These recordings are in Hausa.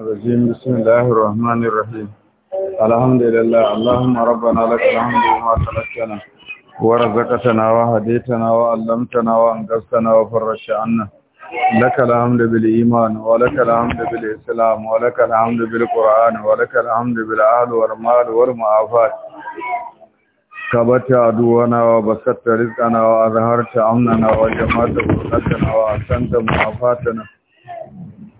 الرجيم بسم الله الرحمن الرحيم الحمد لله اللهم ربنا لك الحمد لما خلقتنا ورزقتنا وهديتنا وعلمتنا وانقذتنا وفرجت عنا لك الحمد بالإيمان ولك الحمد بالإسلام ولك الحمد بالقرآن ولك الحمد بالأهل والمال والمعافات كبت عدونا وبسطت رزقنا وأظهرت أمننا وجمعت فرقتنا وأحسنت معافاتنا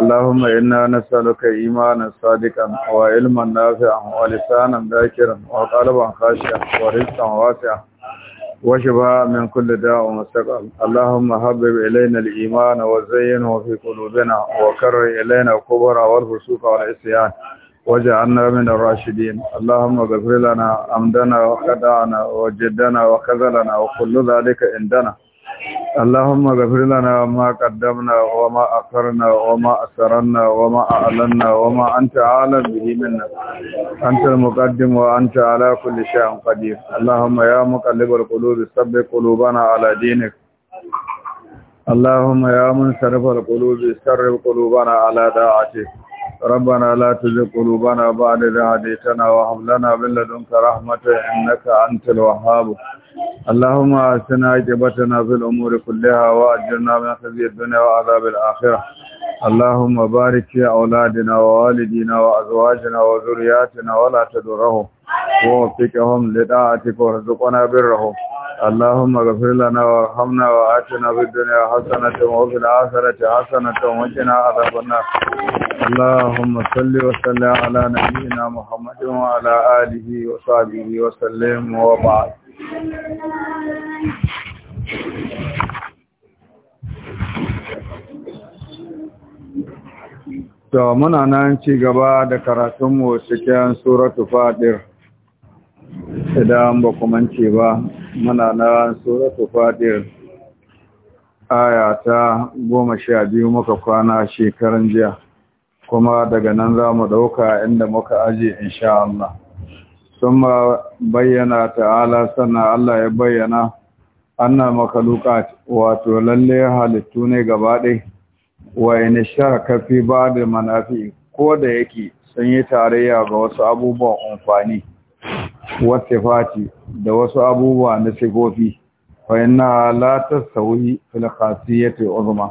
اللهم إنا نسألك إيمانا صادقا وعلما نافعا ولسانا ذاكرا وقلبا خاشعا ورزقا واسعا وشفاء من كل داء ومستقل اللهم حبب إلينا الإيمان وزينه في قلوبنا وكرر إلينا الكبر والفسوق والعصيان وجعلنا من الراشدين اللهم اغفر لنا عمدنا وخدعنا وجدنا وخذلنا وكل ذلك عندنا اللهم اغفر لنا ما قدمنا وما أخرنا وما أسررنا وما أعلنا وما أنت عالم به منا أنت المقدم وأنت على كل شيء قدير اللهم يا مقلب القلوب ثبت قلوبنا على دينك اللهم يا من صرف القلوب سرب قلوبنا على طاعتك ربنا لا تزغ قلوبنا بعد إذ هديتنا وهب لنا من لدنك رحمة إنك أنت الوهاب اللهم أسنا عجبتنا في الأمور كلها وأجرنا من خزي الدنيا وعذاب الآخرة اللهم بارك في أولادنا ووالدينا وأزواجنا وذرياتنا ولا تدرهم ووفقهم لطاعتك ورزقنا برهم اللهم اغفر لنا وارحمنا وآتنا في الدنيا حسنة وفي الآخرة حسنة وقنا عذاب النار اللهم صل وسلم على نبينا محمد وعلى آله وصحبه وسلم وبعد To muna nan ci gaba da karatunmu cikin suratu fadir idan ba kumance ba muna nan suratu fadir aya ta goma sha biyu muka kwana shekaran jiya kuma daga nan za mu ɗauka inda muka aje insha Allah. ثم بينا تعالى سنة الله يبينا أن مخلوقات وتولي حالتوني قباله وإن الشرك في بعض المنافع كود يكي سنية عليها بوس أبوبا أنفاني والتفاتي دوس أبوبا نسيقو فيه فإنها لا تستوي في الخاصية عظمى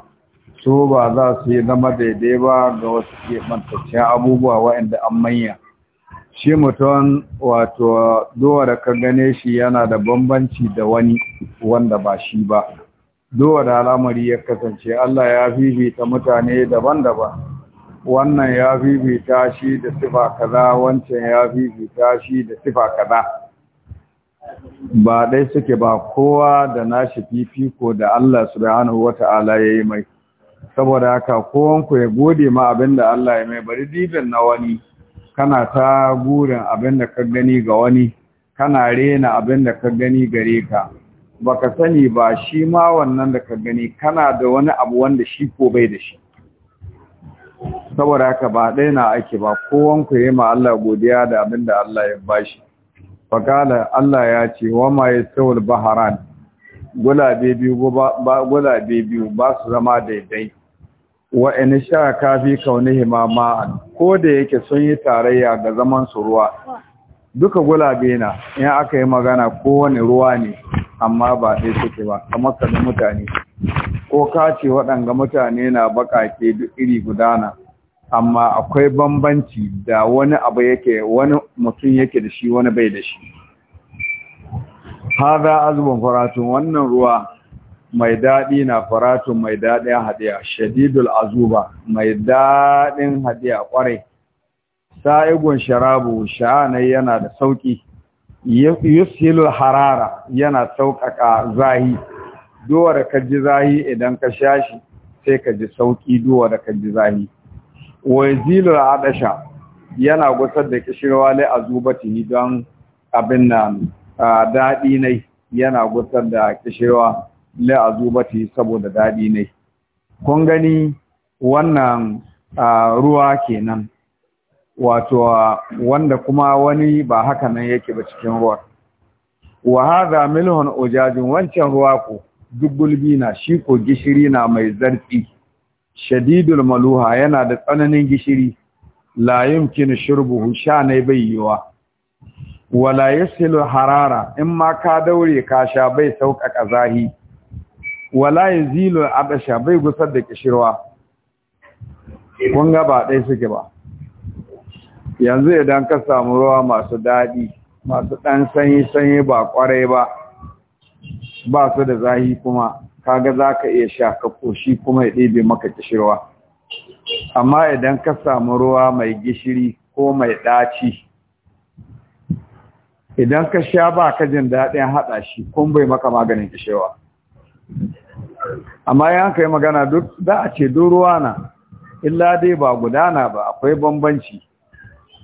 su ba za su yi zama daidai ba ga wasu ke mantaccen abubuwa waɗanda an manya shi mutum wato duwa da ka gane shi yana da bambanci da wani wanda ba shi ba duwa da al'amari ya kasance Allah ya fifita mutane daban-daban wannan ya fifita shi da sifa kaza wancan ya fifita shi da sifa kaza ba dai suke ba kowa da nashi fifiko da Allah subhanahu wata'ala ya yi mai saboda haka kowanku ya gode ma abin da Allah ya mai bari dibin na wani kana ta gurin abin da ka gani ga wani kana rena abin da ka gani gare ka baka sani ba shi ma wannan da ka gani kana da wani abu wanda shi ko bai da shi saboda haka ba ɗaya na ake ba kowan ku yi ma Allah godiya da abin da Allah ya bashi fakala Allah ya ce wa ma ba baharan gulabe biyu ba su zama daidai wa in sha kafi kaunihi ma ma'an ko da yake sun yi tarayya ga zaman su ruwa duka gulabe na in aka yi magana wani ruwa ne amma ba dai suke ba kamar kan mutane ko ka ce waɗanga mutane na ke duk iri gudana amma akwai bambanci da wani abu yake wani mutum yake da shi wani bai da shi hada azbun faratun wannan ruwa mai daɗi na faratun mai daɗin hadiya shadidul azuba mai daɗin haɗiya ƙwarai sa'igun sharabu sha'anai yana da sauƙi yushilul harara yana sauƙaƙa zahi duwa da kaji zahi idan ka sha shi sai ka ji sauƙi duwa da kaji zahi wazilul adasha yana gusar da kishirwa lai azubati don abin nan daɗi ne yana gusar da kishirwa a yi saboda daɗi ne kun gani wannan ruwa kenan wato wanda kuma wani ba haka nan yake ba cikin ruwa wa hadha milhon ojajin wancan ruwa ko dubbulbi na shi ko gishiri na mai zarfi shadidul maluha yana da tsananin gishiri Layin kini shirbu, sha ne bai yiwa wala yasilu harara in ma ka daure ka sha bai sauƙaƙa zahi wala a ɗasha bai gusar da kishirwa kun ba ɗai suke ba yanzu idan ka samu ruwa masu daɗi masu ɗan sanyi-sanyi ba ƙwarai ba ba su da zahi kuma kaga za ka iya sha ka koshi kuma ya ɗebe maka kishirwa amma idan ka samu ruwa mai gishiri ko mai ɗaci idan ka sha ba ka jin daɗin haɗa shi kun bai maka maganin kishirwa amma ya kai magana duk za a ce ruwa na illa dai ba gudana ba akwai bambanci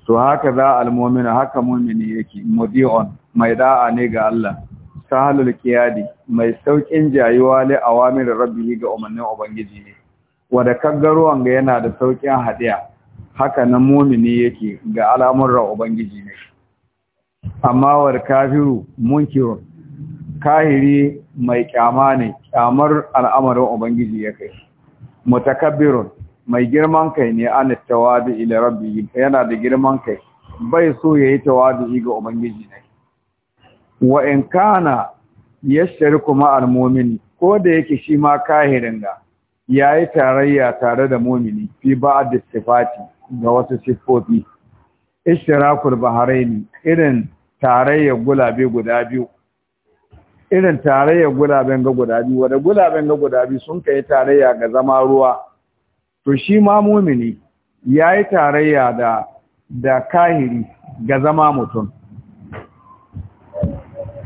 to haka za almomina haka mumini yake mudi'on mai da'a ne ga Allah sahalul kiyadi mai saukin jayuwa li awamir rabbihi ga umarnin ubangiji ne wanda kaggaruwan ga yana da saukin hadiya haka nan mumini yake ga al'amuran ubangiji ne amma war kafiru munkirun kahiri mai kyama ne kyamar al'amarin ubangiji ya kai mutakabbirun mai girman kai ne an tawadu ila rabbi yana da girman kai bai so yi tawadu ga ubangiji ne wa in kana yashriku ma al-mu'min ko da yake shi ma kahirin da yayi tarayya tare da mu'mini fi ba'd sifati ga wasu sifofi ishtirakul bahraini irin tarayyar gulabe guda biyu irin tarayyar gulaben ga guda biyu wadda gulaben ga guda biyu sun kai tarayya ga zama ruwa to shi ma mumini ya yi tarayya da da kahiri ga zama mutum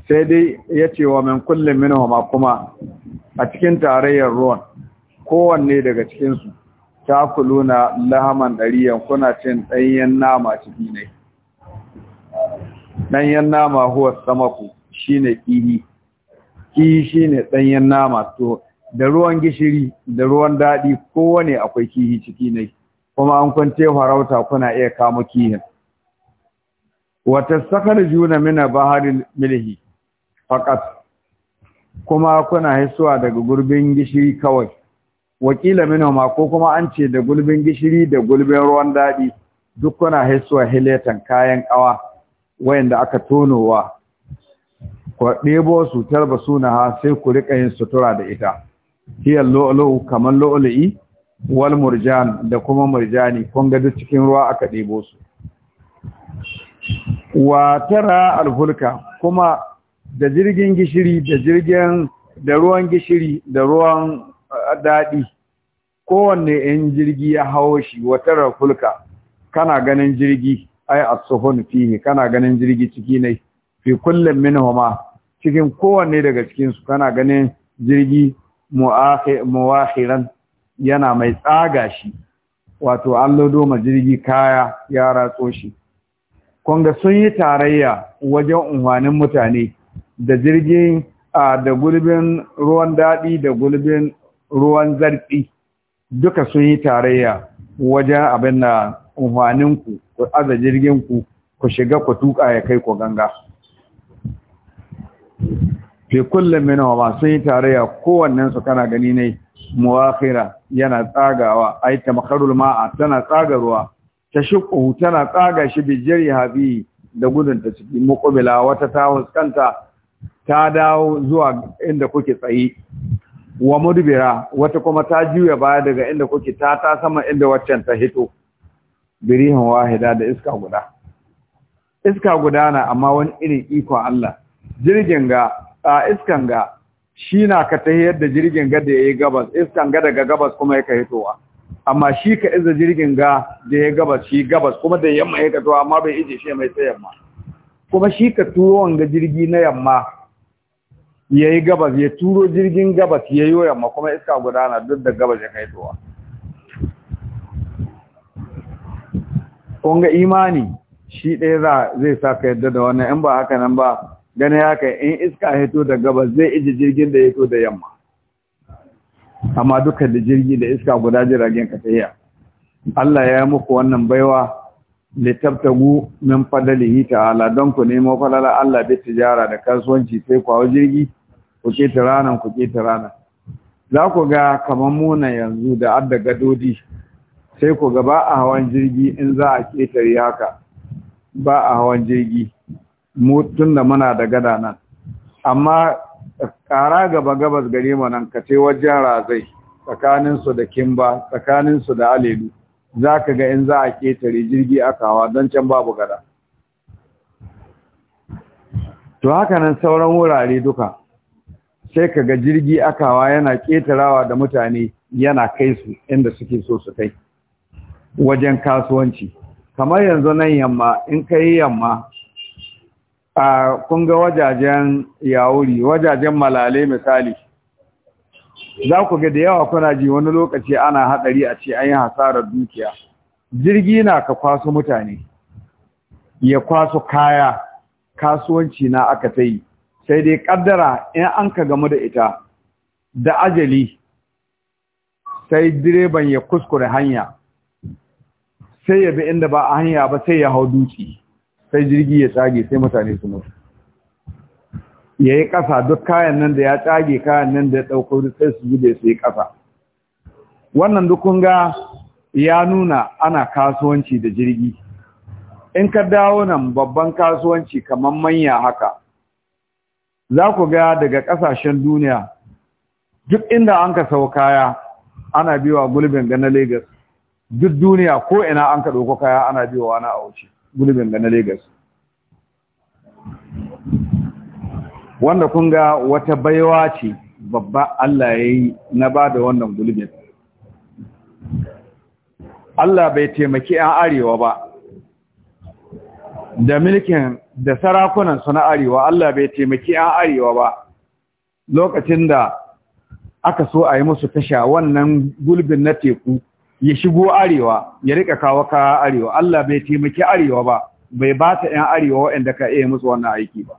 sai dai ya ce wa min kullum minhuma kuma a cikin tarayyar ruwan kowanne daga cikinsu ta kuluna lahaman ɗariyan kuna cin ɗanyen nama ciki ne ɗanyen nama huwa samaku shine ƙihi shi ne ɗanyen nama to da ruwan gishiri da ruwan daɗi kowane akwai kihi ciki ne kuma an kwance farauta kuna iya kama kihin wata sakar juna mina baharin milhi fakat kuma kuna haisuwa daga gurbin gishiri kawai wakila mina ma ko kuma an ce da gurbin gishiri da gurbin ruwan daɗi duk kuna haisuwa hiletan kayan ƙawa wayanda aka tonowa ku ɗebo su tarba sunaha sai ku riƙa yin sutura da ita hiyar lo'olo'u kamar lo'olo'i wal murjan da kuma murjani kun ga cikin ruwa aka ɗebo su wa tara alfulka kuma da jirgin gishiri da jirgin da ruwan gishiri da ruwan eh, daɗi kowanne yan jirgi ya hawo shi wa tara alfulka kana ganin jirgi ai a tsohon fihi kana ganin jirgi ciki ne fi kullum min homa. cikin kowanne daga cikinsu kana ganin jirgi muwahiran yana mai tsaga shi wato an lodo ma jirgi kaya ya ratso shi kunga sun yi tarayya wajen unhwanin mutane da jirgin da gulbin ruwan daɗi da gulbin ruwan zarɗi duka sun yi tarayya wajen abin da unhwaninku ku aza ku ku shiga ku tuka ya kai ku ganga. fi kullum min wa sun yi tarayya kowannen su kana gani ne muwafira yana tsagawa ay tamkharul ma'a tana tsaga ruwa tashqu tana tsaga shi bi jariha da gudun ta ciki mukubila wata ta huskanta ta dawo zuwa inda kuke tsayi wa mudubira wata kuma ta juya baya daga inda kuke ta ta sama inda waccan ta hito birihin wahida da iska guda iska guda na amma wani irin ikon Allah jirgin ga a iskan ga shi na ka tahiyar da jirgin ga da ya yi gabas iskan ga daga gabas kuma ya ka hitowa amma shi ka iza jirgin ga da ya gabas shi gabas kuma da yamma ya ka towa amma bai ije shi mai sai yamma kuma shi ka turo wanga jirgi na yamma ya yi gabas ya turo jirgin gabas ya yi yamma kuma iska gudana duk da gabas ya ka hitowa kun ga imani shi ɗaya zai sa ka yadda da wannan in ba haka nan ba ganin haka in iska hito da gabas zai iji jirgin da ya hito da yamma amma duka da jirgi da iska guda jiragen ka Allah ya yi muku wannan baiwa litabtagu min fadalihi ta'ala don ku nemo falala Allah bi tijara da kasuwanci sai ku jirgi ku ke ranan ku ke ranan za ku ga kamar muna yanzu da adda gadodi sai ku ga ba a hawan jirgi in za a ketare haka ba a hawan jirgi mu tun da muna da gada nan amma ƙara gaba gabas gare mu nan ka wajen razai tsakaninsu da kimba tsakaninsu da alelu za ka ga in za a ketare jirgi akawa don can babu gada to haka nan sauran wurare duka sai ka ga jirgi akawa yana ketarawa da mutane yana kai su inda suke so su kai wajen kasuwanci kamar yanzu nan yamma in ka yi yamma a kun ga wajajen yawuri wajajen malale misali za ku ga da yawa kuna ji wani lokaci ana haɗari a ce an yi hasarar dukiya jirgi na ka kwaso mutane ya kwaso kaya kasuwanci na aka ta yi sai dai kaddara in an ka gamu da ita da ajali sai direban ya kuskure hanya sai ya bi inda ba a hanya ba sai ya hau duki sai jirgi ya tsage sai mutane su mutu ya yi ƙasa duk kayan nan da ya tsage kayan nan da ya ɗauko duk sai su gude su yi ƙasa wannan dukun ga ya nuna ana kasuwanci da jirgi in ka dawo nan babban kasuwanci kamar manya haka za ku ga daga ƙasashen duniya duk inda an ka sau kaya ana biwa gulbin ga na Legas duk duniya ko ina an ka ɗauko kaya ana biwa wani a wuce Gulbin da na Legas. Wanda kun ga wata baiwa ce babba Allah ya yi na ba da wannan gulbin. Allah bai taimaki 'yan arewa ba, da milkin da sarakunansu na arewa Allah bai taimaki 'yan arewa ba lokacin da aka so a yi musu tasha wannan gulbin na teku ya shigo arewa ya rika kawo ka arewa Allah bai taimaki arewa ba bai ba ta ƴan arewa waɗanda ka iya musu wannan aiki ba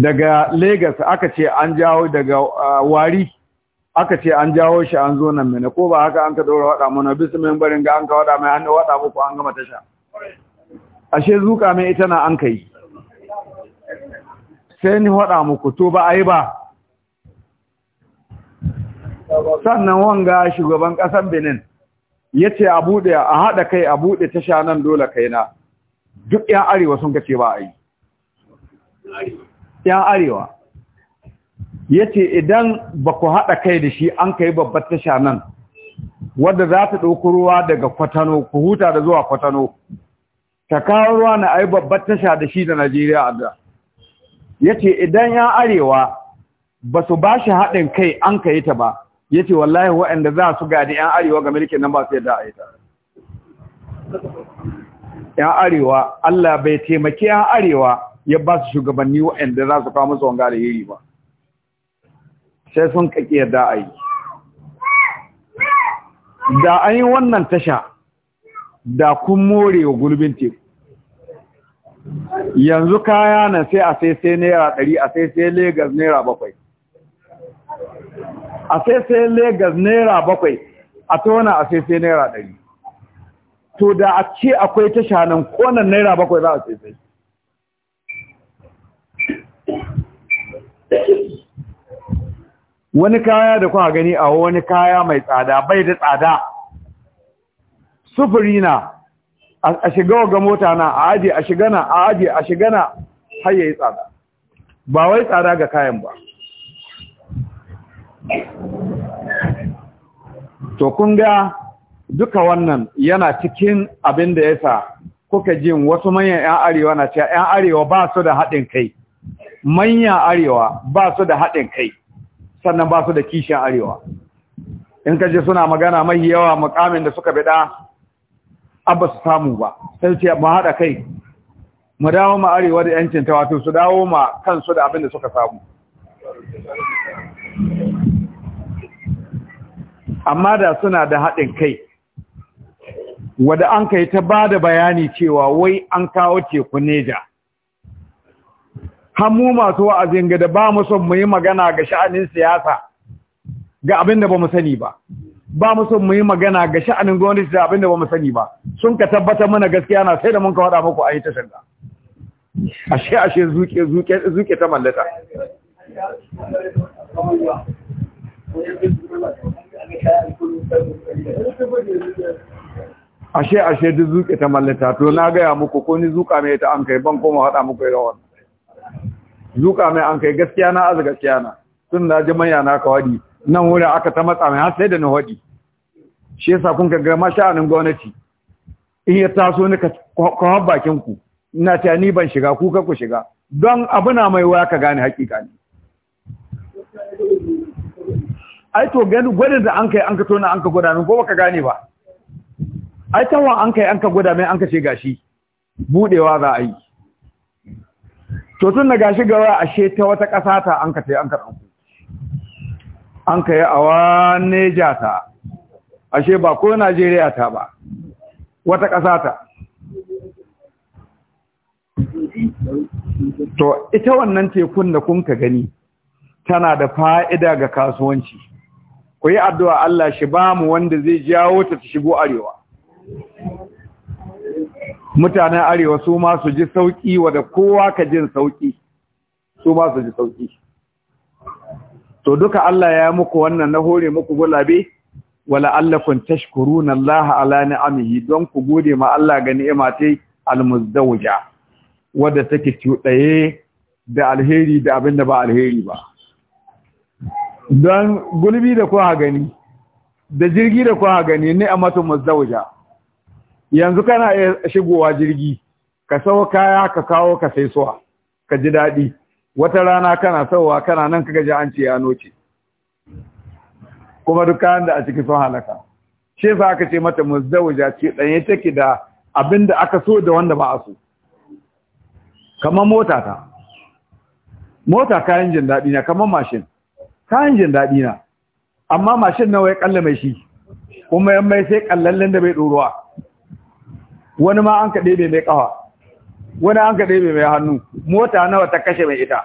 daga Lagos aka ce an jawo daga uh, wari aka ce an jawo shi an zo nan mene ko ba haka an ka ɗora waɗa mana bisu min barin ga an ka waɗa mai hannu waɗa muku an gama tasha ashe zuƙa mai ita na an ka yi sai ni waɗa muku to ba a yi ba sannan wanga shugaban ƙasan benin ya ce a buɗe a haɗa kai a buɗe tasha nan dole kaina duk yan arewa sun kace ba a yi yan arewa ya ce idan ba ku haɗa kai da shi an kai babbar tasha nan wadda za ta ɗauki ruwa daga kwatano ku huta da zuwa kwatano ta kawo ruwa na yi babbar tasha da shi da najeriya a da ya ce idan yan arewa ba su ba shi haɗin kai an ka yi ta ba yace wallahi waɗanda za su gadi yan arewa ga mulkin nan ba su yadda a yi ta yan arewa Allah bai taimaki yan arewa ya ba su shugabanni waɗanda za su kawo musu wanga da yiri ba sai sun kake yadda a yi da an yi wannan tasha da kun more wa gulbin teku yanzu kaya na sai a sai sai naira ɗari a sai sai Legas naira bakwai a sai sai Legas naira bakwai a tona a sai sai naira ɗari to da a ce akwai tasha nan konan naira bakwai za a sai sai wani kaya da kuma gani a wani kaya mai tsada bai da tsada sufuri na a shiga ga mota na a ajiye a shiga na a aje a shiga na hayayi tsada ba wai tsada ga kayan ba to kun ga duka wannan yana cikin abin da ya kuka jin wasu manyan 'yan arewa na cewa 'yan arewa ba su da haɗin kai manyan arewa ba su da haɗin kai sannan ba su da kishin arewa in ka je suna magana mai yawa mukamin da suka bida abba su samu ba sai ce mu haɗa kai mu dawo ma arewa da 'yancin ta wato su dawo ma kansu da abin da suka samu amma da suna da haɗin kai wadda an kai ta ba da bayani cewa wai an kawo teku neja hannu masu wa'azin ga da ba mu son mu yi magana ga sha'anin siyasa ga abin da ba mu sani ba ba mu son mu yi magana ga sha'anin gwamnati da abin da ba mu sani ba sun ka tabbatar mana gaskiya na sai da mun ka waɗa muku a yi ta shanga ashe ashe zuke zuke zuke ta mallata ashe ashe duk zuke ta mallata to na gaya muku ko ni zuka mai ta an kai ban koma haɗa muku da wannan zuka mai an kai gaskiya na azu gaskiya na tun da ji manya na ka wadi nan wurin aka ta matsa mai har sai da na wadi shi yasa kun ga ma sha'anin gwamnati in ya taso ni ka kwa bakin ku ina ta ni ban shiga ku ka ku shiga don abuna mai waya ka gane hakika ne ai to gani gwadin da an kai an ka tona an ka gwada min ko baka gane ba ai tanwa an kai an ka gwada min an ka ce gashi budewa za a yi to tun da gashi gawa ashe ta wata kasa ta an ka tai an ka ɗauko an kai a awa neja ta ashe ba ko Najeriya ta ba wata kasa ta to ita wannan tekun da kun ka gani tana da fa'ida ga kasuwanci ku yi addu'a Allah shi ba mu wanda zai jawo ta shigo arewa mutanen arewa su ma su ji sauƙi wadda kowa ka jin sauƙi su ma su ji sauƙi to duka Allah ya muku wannan na hore muku gulabe wala tashkuru na Allah ala ni'amihi don ku gode ma Allah ga ni'ima tai almuzdawuja, wadda take cuɗaye da alheri da abinda ba alheri ba don gulbi da kuwa gani da jirgi da kuwa gani ne a matan mazdauja yanzu kana iya shigowa jirgi ka sau kaya ka kawo ka sai suwa ka ji daɗi wata rana kana sauwa kana nan ka gaji an ce ya noce kuma duk kayan da a ciki sun halaka shi sa aka ce mata muzdauja ce ɗanye take da abin da aka so da wanda ba a so kamar mota ta mota kayan jin daɗi na kamar mashin kayan jin daɗi na amma mashin nawa ya kalla mai shi kuma yan mai sai kallallen da bai ɗoruwa wani ma an kaɗe bai mai ƙawa. wani an kaɗe bai mai hannu mota nawa ta kashe mai ita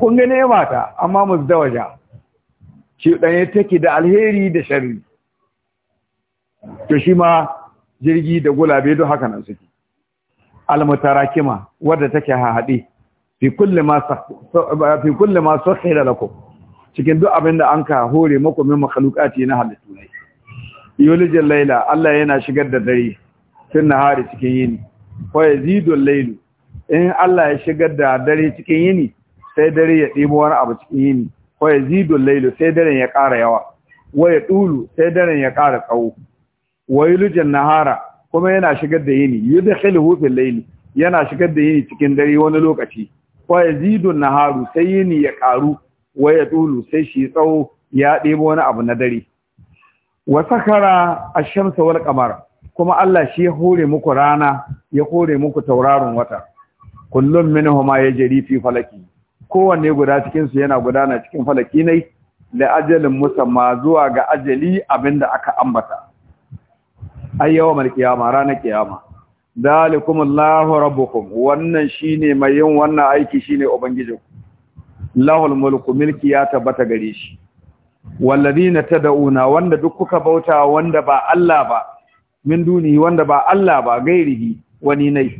kun gane mata amma mu da waje ce ɗanye take da alheri da sharri to shi ma jirgi da gulabe don haka nan suke almutarakima wadda take haɗe fi kulle ma fi kulli ma cikin duk abinda an ka hore makomin min makhluqati na halittu ne yulijil laila Allah yana shigar da dare tun hari cikin yini ya zidon lailu, in Allah ya shigar da dare cikin yini sai dare ya dibo wani abu cikin yini ya zidon lailu, sai daren ya ƙara yawa wa ya ɗulu sai dare ya ƙara tsawo wa yulijil nahara kuma yana shigar da yini yudkhiluhu fil lailu, yana shigar da yini cikin dare wani lokaci wa yazidu naharu sai yini ya karu wa ya sai shi tsawo ya ɗebo wani abu na dare wa sakara ash shamsu wal qamar kuma Allah shi ya hore muku rana ya hore muku tauraron wata kullum minhuma yajri fi falaki kowanne guda cikin su yana gudana cikin falaki ne da ajalin musamma zuwa ga ajali abinda aka ambata ayyawa mal kiyama ranar kiyama dalikum Allahu rabbukum wannan shine mai yin wannan aiki shine ubangijinku lahul mulku milki ya tabbata gare shi walladina tad'una wanda duk kuka bauta wanda ba Allah ba min duni wanda ba Allah ba gairihi wani nai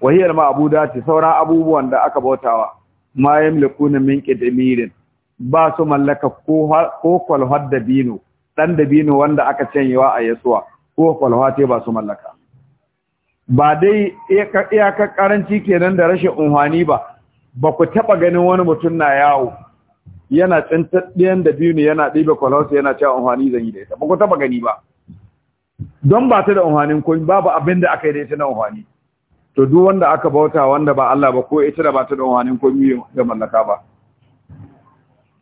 wahiyar ma'budati sauran abubuwan da aka bautawa ma yamlikuna min qidmirin ba su mallaka ko kwalhar dabino, ɗan dabino wanda aka canyewa a yasuwa, ko kwalhwa ba su mallaka. ba dai iyakar karanci kenan da rashin unhwani ba ba ku taɓa ganin wani mutum na yawo yana tsintaɗiyan da biyu ne yana ɗiba kwalausa yana cewa unhwani zan yi da ita ba ku taɓa gani ba don ba ta da unhwanin kun babu abin da aka yi da ita na unhwani to duk wanda aka bauta wanda ba Allah ba ko ita da ba ta da unhwanin kun yi da mallaka ba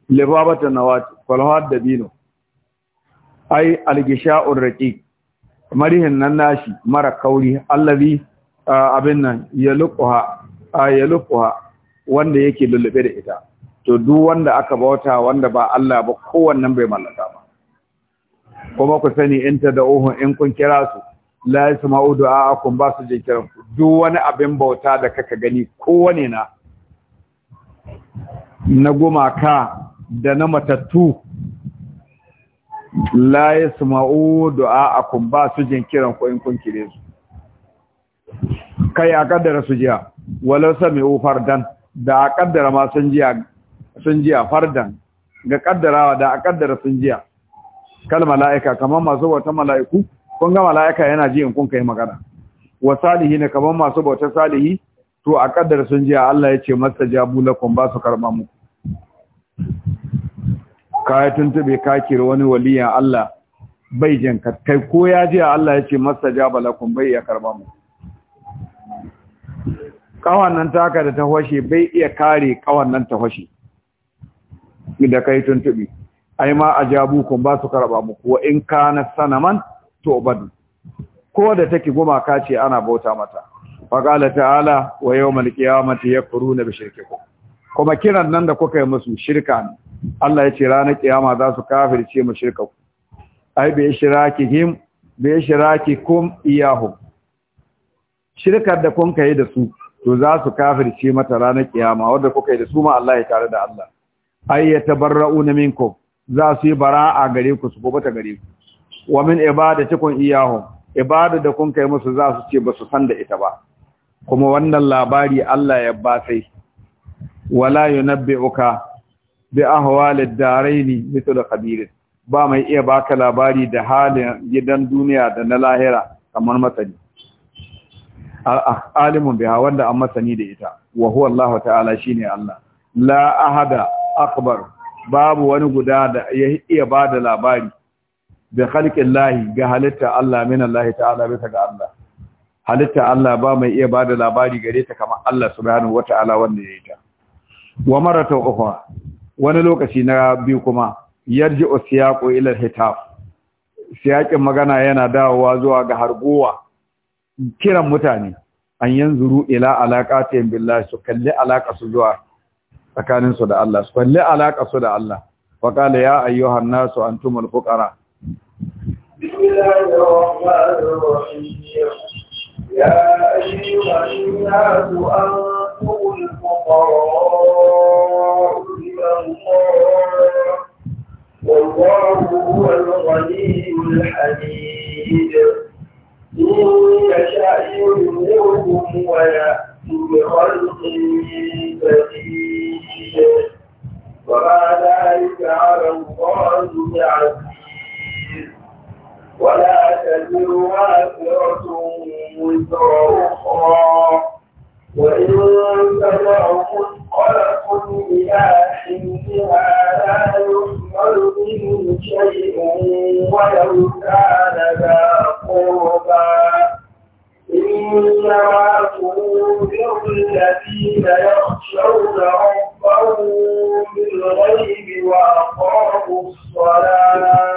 libabatan nawat kwalawat dabino ai algisha'ur raqiq marihin nan nashi mara kauri allazi abin nan ya luqha ya wanda yake lullube da ita to duk wanda aka bauta wanda ba Allah ba kowannen bai mallaka ba kuma ku sani in ta da'uhu in kun kira su la yasma'u du'a'akum ba su jin kiran ku duk wani abin bauta da kaka gani kowane na na gumaka da na matattu la yasma'u du'a'akum ba su jin kiran ko in kun kire su kai a kaddara su jiya walau sami'u fardan da a kaddara ma sun jiya sun jiya fardan ga kaddarawa da a kaddara sun jiya kal mala'ika kaman masu wata mala'iku kun ga mala'ika yana ji in kun kai magana wa salihi ne kaman masu bautar salihi to a kaddara sun jiya Allah ya ce masa jabu lakum ba su karba mu. ka tuntube ka kira wani waliyan Allah bai jin kai ko ya ji Allah ya ce masa jaba kun bai ya karba mu kawan nan taka da ta hwashe bai iya kare kawan nan ta da kai tuntube ai ma ajabu kun ba su karba mu. Ko in kana sanaman to badu ko da take gumaka ce ana bauta mata qala ta'ala wa yawmal qiyamati yakuruna bi shirkikum kuma kiran nan da kuka yi musu shirka ne Allah ya ce ranar kiyama za su shirka ku. ai bai shiraki him bai shiraki kum iyahu. shirkar da kun kai da su to za su kafir ce mata ranar kiyama wanda kuka yi da su ma Allah ya tare da Allah ai ya tabarra'una minku, za su yi bara'a gare ku su gobata gare ku wa min kun iyahu, ibada da kun kai musu za su ce ba su san da ita ba kuma wannan labari Allah ya ba sai wala yunabbi'uka bi ahwalid daraini mithlu khabir ba mai iya baka labari da halin gidan duniya da na lahira kamar masani alimun biha wanda an masani da ita wa huwa Allah ta'ala shine Allah la ahada akbar babu wani guda da ya iya bada labari da khalqin lahi ga halitta Allah min Allah ta'ala bisa ga Allah halitta Allah ba mai iya bada labari gare ta kamar Allah subhanahu wata'ala wanda ya yi ta wa maratu ukhra wani lokaci na biyu kuma yarji siyaqu ilar hitaf siyaƙin magana yana dawowa zuwa ga hargowa kiran mutane an yanzuru ila ta yin billahi su kalli alaƙa su zuwa tsakaninsu da Allah su kalli alaƙa su da Allah fa qala ya ayyuhan nasu antumul fuqara يا أيها الناس أنتم الفقراء والله هو الغني الحميد يشاء يذهبكم ويأتي بخلق جديد وما ذلك على الله بعزيز ولا تزر وازرة وزر أخرى وإن تدعوا مثقلة إلى حملها لا يحمل به شيء ولو كان ذا قربى إنما تنذر الذين يخشون ربهم بالغيب وأقاموا الصلاة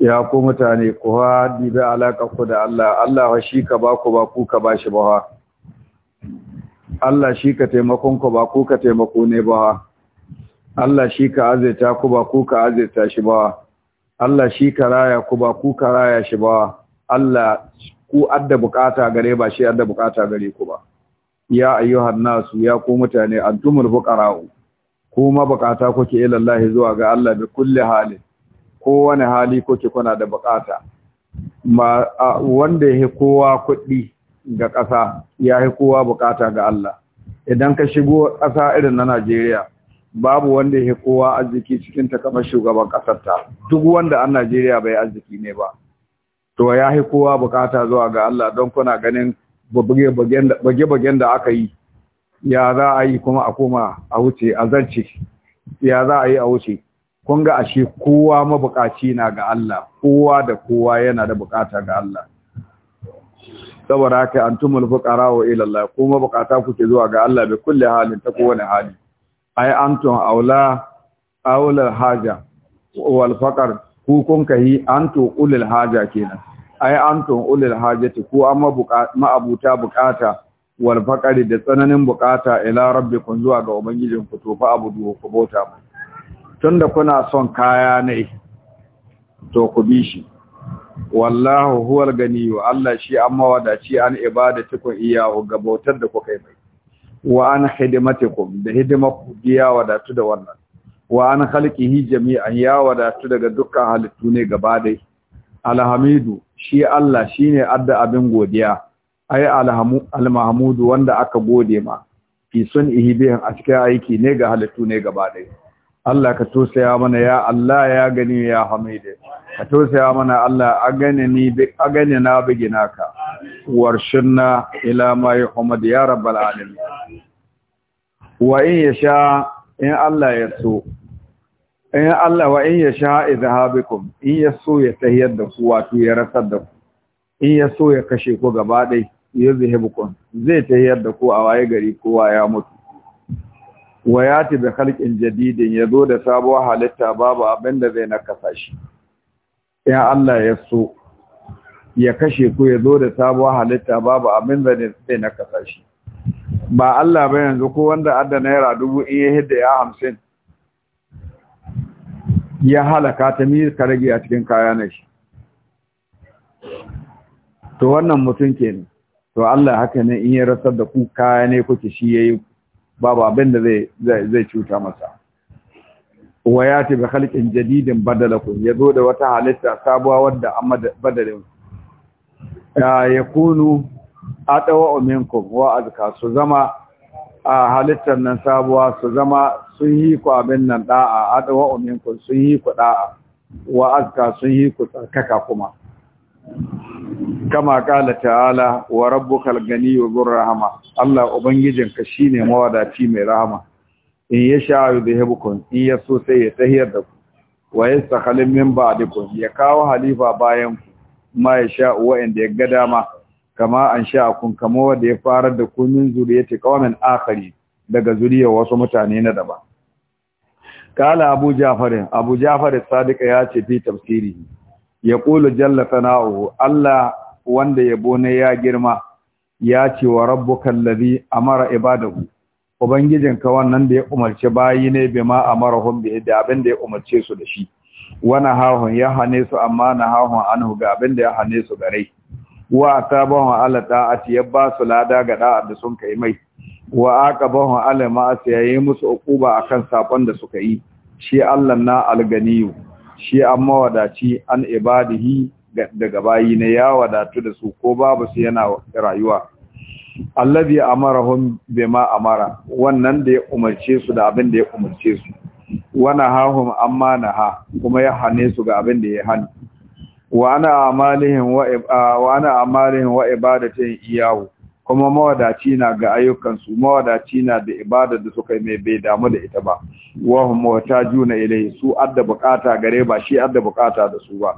ya ku mutane ku ha dibe alaƙa ku da Allah Allah wa shi ka ba ku ba ku ka ba shi ba Allah shi ka taimakon ku ba ku ka taimako ne ba Allah shi ka azaita ku ba ku ka azaita shi ba Allah shi ka raya ku ba ku ka raya shi ba Allah ku adda bukata gare ba shi adda bukata gare ku ba ya ayyuhan nasu ya ku mutane antumul ku ma bukata kuke ila ilallahi zuwa ga Allah bi kulli halin kowane hali ko ke kuna da bukata ma wanda ya kowa kuɗi ga ƙasa ya yi kowa bukata ga Allah idan ka shigo ƙasa irin na Najeriya babu wanda ya kowa arziki cikin ta kamar shugaban ƙasar ta duk wanda an Najeriya bai arziki ne ba to ya yi kowa bukata zuwa ga Allah don kuna ganin bage-bagen da aka yi ya za a yi kuma a koma a wuce a zance ya za a yi a wuce kun ga ashe kowa mabukaci na ga Allah kowa da kowa yana da bukata ga Allah saboda haka antumul fuqara wa ila Allah ko mabukata kuke zuwa ga Allah bi kulli halin ta kowane hali ai antum aula aula haja wal faqar ku kun kai antu ulil haja kenan ai antum ulil hajati ku amma ma'abuta bukata wal faqari da tsananin bukata ila rabbikum zuwa ga ubangijinku to fa abudu ku bota mai tunda kuna son kaya ne to ku bi shi wallahu huwal ganiyu Allah shi an mawadaci an ku iya ku gabotar da kuka yi mai wa an hidimatikum da hidima ku ya wadatu da wannan wa an khalqihi jami'an ya wadatu daga dukkan halittu ne gaba dai alhamidu shi Allah shine adda abin godiya ai alhamu almahmudu wanda aka gode ma fi sun ihibihin a cikin aiki ne ga halittu ne gaba dai Allah ka tosaya mana ya Allah ya gani ya hamide ka tosaya mana Allah a gani aganini bi aganina biginaka warshinna ila mai yuhammad ya rabbal alamin wa in yasha in Allah ya so in Allah wa in yasha izhabukum in yaso ya tahiyar da ku wato ya rasar da ku in yaso ya kashe ku gaba dai yuzhibukum zai tahiyar da ku a waye gari kowa ya mutu wa yati bi khalqin jadidin yazo da sabuwar halitta babu abin da zai nakasa shi ya Allah ya so ya kashe ku yazo da sabuwar halitta babu abin da zai nakasa shi ba Allah ba yanzu ko wanda adda naira dubu in ya hidda ya hamsin ya halaka ta mil karage a cikin kaya na shi to wannan mutum kenan to Allah haka ne in ya rasar da ku kaya ne kuke shi yayi babu abin da zai cuta masa wa ya ta bi halƙin jadidin badalakun ya zo da wata halitta sabuwa wadda an badalin ya kunu a ɗawa ominkum wa azka su zama a halittar nan sabuwa su zama sun yi ku abin nan ɗa'a a ɗawa ominkum sun yi ku ɗa'a wa azka sun yi ku tsarkaka kuma kama kala ta'ala wa rabbukal ganiyyu dhur rahma Allah ubangijinka shine mawadaci mai rahama in yasha yudhibukum in yaso sai ya tahiyar da ku wa yastakhal min ba'dikum ya kawo halifa bayan ku ma yasha wa inda ya ga dama kama an sha kun kama wanda ya fara da ku min zuriyati qaumin akhari daga zuriyar wasu mutane na daban kala abu ja'far abu ja'far sadiq ya ce fi tafsiri yaqulu jalla sana'u Allah wanda yabo ne ya girma ya ce wa rabbuka ladhi amara ibadahu ubangijinka wannan da ya umarci bayi ne bima amarahum bi da abin da ya umarce su da shi wana hahun ya hane su amma na hahun anhu ga abin da ya hane su gare wa tabahu ala ta'ati ya ba su lada ga da'a da sun kai mai wa aqabahu ala ma'asi yi musu uquba akan sakon da suka yi shi Allah na alganiyu shi amma wadaci an ibadihi daga bayi ne ya wadatu da su ko babu su yana rayuwa allazi amarahum bima amara wannan da ya umarce su da abin da ya umarce su wana hahum amma na ha kuma ya hane su ga abin da ya hane wa ana amalihim wa wa ana amalihim wa ibadatin iyahu kuma mawadaci na ga ayyukansu mawadaci na da ibada da suka yi mai bai damu da ita ba wahum juna ilayhi su adda bukata gare ba shi adda bukata da su ba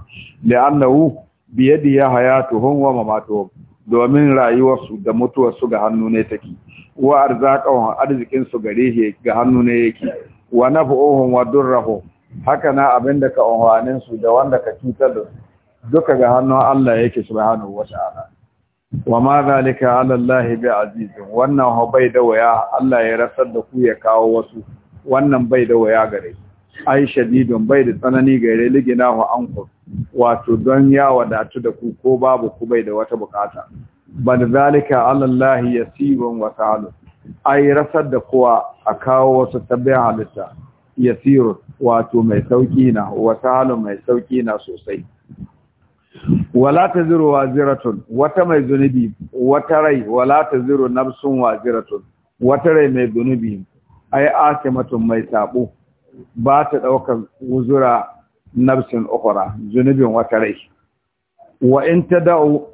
li'annahu bi yadihi hayatuhum wa mamatuhum domin rayuwarsu da mutuwarsu ga hannu ne take wa arzaqahu arzikin su gare shi ga hannu ne yake wa naf'uhum wa durrahum haka na abinda ka unwanin su da wanda ka cutar da duka ga hannun Allah yake subhanahu wa ta'ala wa ma zalika ala Allah bi aziz wannan ho bai da waya Allah ya rasar da ku ya kawo wasu wannan bai da waya gare ai shadidun bai da tsanani gare ligina wa anku wato don ya wadatu da ku ko babu ku bai da wata bukata bal zalika ala Allah yasirun wa ta'ala ai rasar da kowa a kawo wasu sabbin halitta yasirun wato mai sauki na wa ta'ala mai sauki na sosai wala ta ziro wa ziratun wata mai zunubi wata rai wala ta ziro nafsun wa ziratun wata rai mai zunubi ai mutum mai sabo ba ta ɗaukar wuzura nafsin ukhra zunubin wata rai wa in tada'u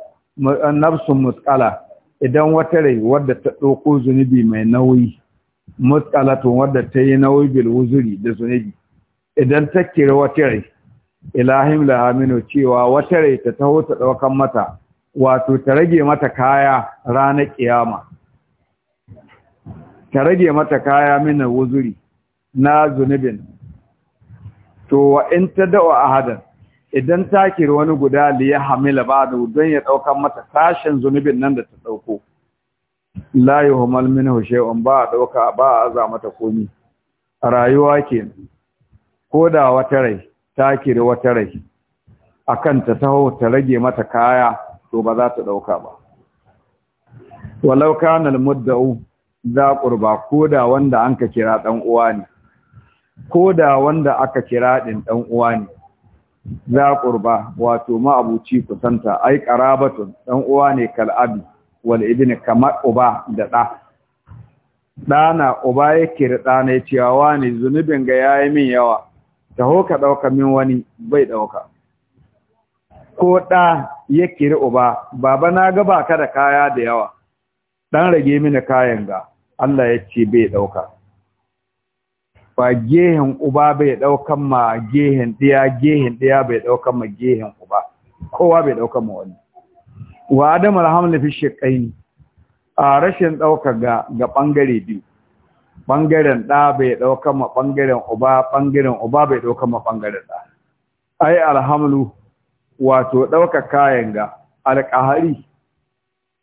nafsun musqala idan wata rai wadda ta ɗauko zunubi mai nauyi musqalatun wadda ta yi nauyi bil wuzuri da zunubi idan ta kira wata rai ilahim Lahaminu. cewa wata rai ta taho ta daukan mata wato ta rage mata kaya ranar kiyama ta rage mata kaya mina wuzuri na zunubin to wa in a ahadan idan ta kiri wani guda liya hamila ba da don ya ɗaukan mata sashen zunubin nan da ta ɗauko layi homal min hushe'un ba a ɗauka ba a aza mata komi rayuwa ke ko da wata rai ta kiri wata rai akan ta taho ta rage mata kaya to ba za ta ɗauka ba walau kana muddau za qurba koda wanda an ka kira dan uwa ne koda wanda aka kira din dan uwa ne za qurba wato ma'abuci kusanta ai qarabatun dan uwa ne kal abi wal kama uba da da ɗana uba yake da ɗana ya ne zunubin ga ya min yawa taho ka ɗauka min wani bai ɗauka ko ɗa ya kiri uba baba na ga ba da kaya da yawa ɗan rage mini kayan ga Allah ya ce bai ɗauka ba gehen uba bai ɗaukan ma gehen ɗiya gehen ɗiya bai ɗaukan ma gehen uba kowa bai ɗaukan ma wani wa Adamu alhamdu fi shekaini a rashin ɗauka ga ga ɓangare biyu ɓangaren ɗa bai ɗauka ma ɓangaren uba ɓangaren uba bai ɗauka ma ɓangaren ɗa ai alhamdu wato ɗauka kayan ga alƙahari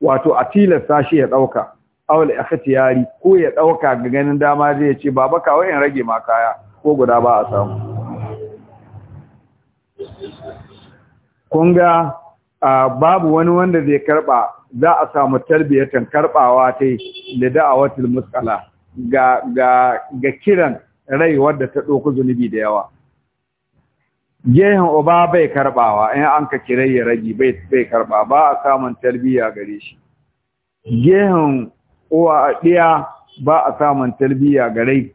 wato a tilasta shi ya ɗauka awal ikhtiyari ko ya ɗauka ga ganin dama zai ce baba kawai in rage ma kaya ko guda ba a samu kun ga babu wani wanda zai karɓa za a samu tarbiyatan karɓawa ta yi da da'awatul muskala. ga kiran rai wadda ta ɗoku zunubi da yawa gehen uba bai karɓawa, in an ka kira ya rage bai bai karba ba a samun talbiya gare shi gehen uwa a ɗiya ba a samun talbiya gare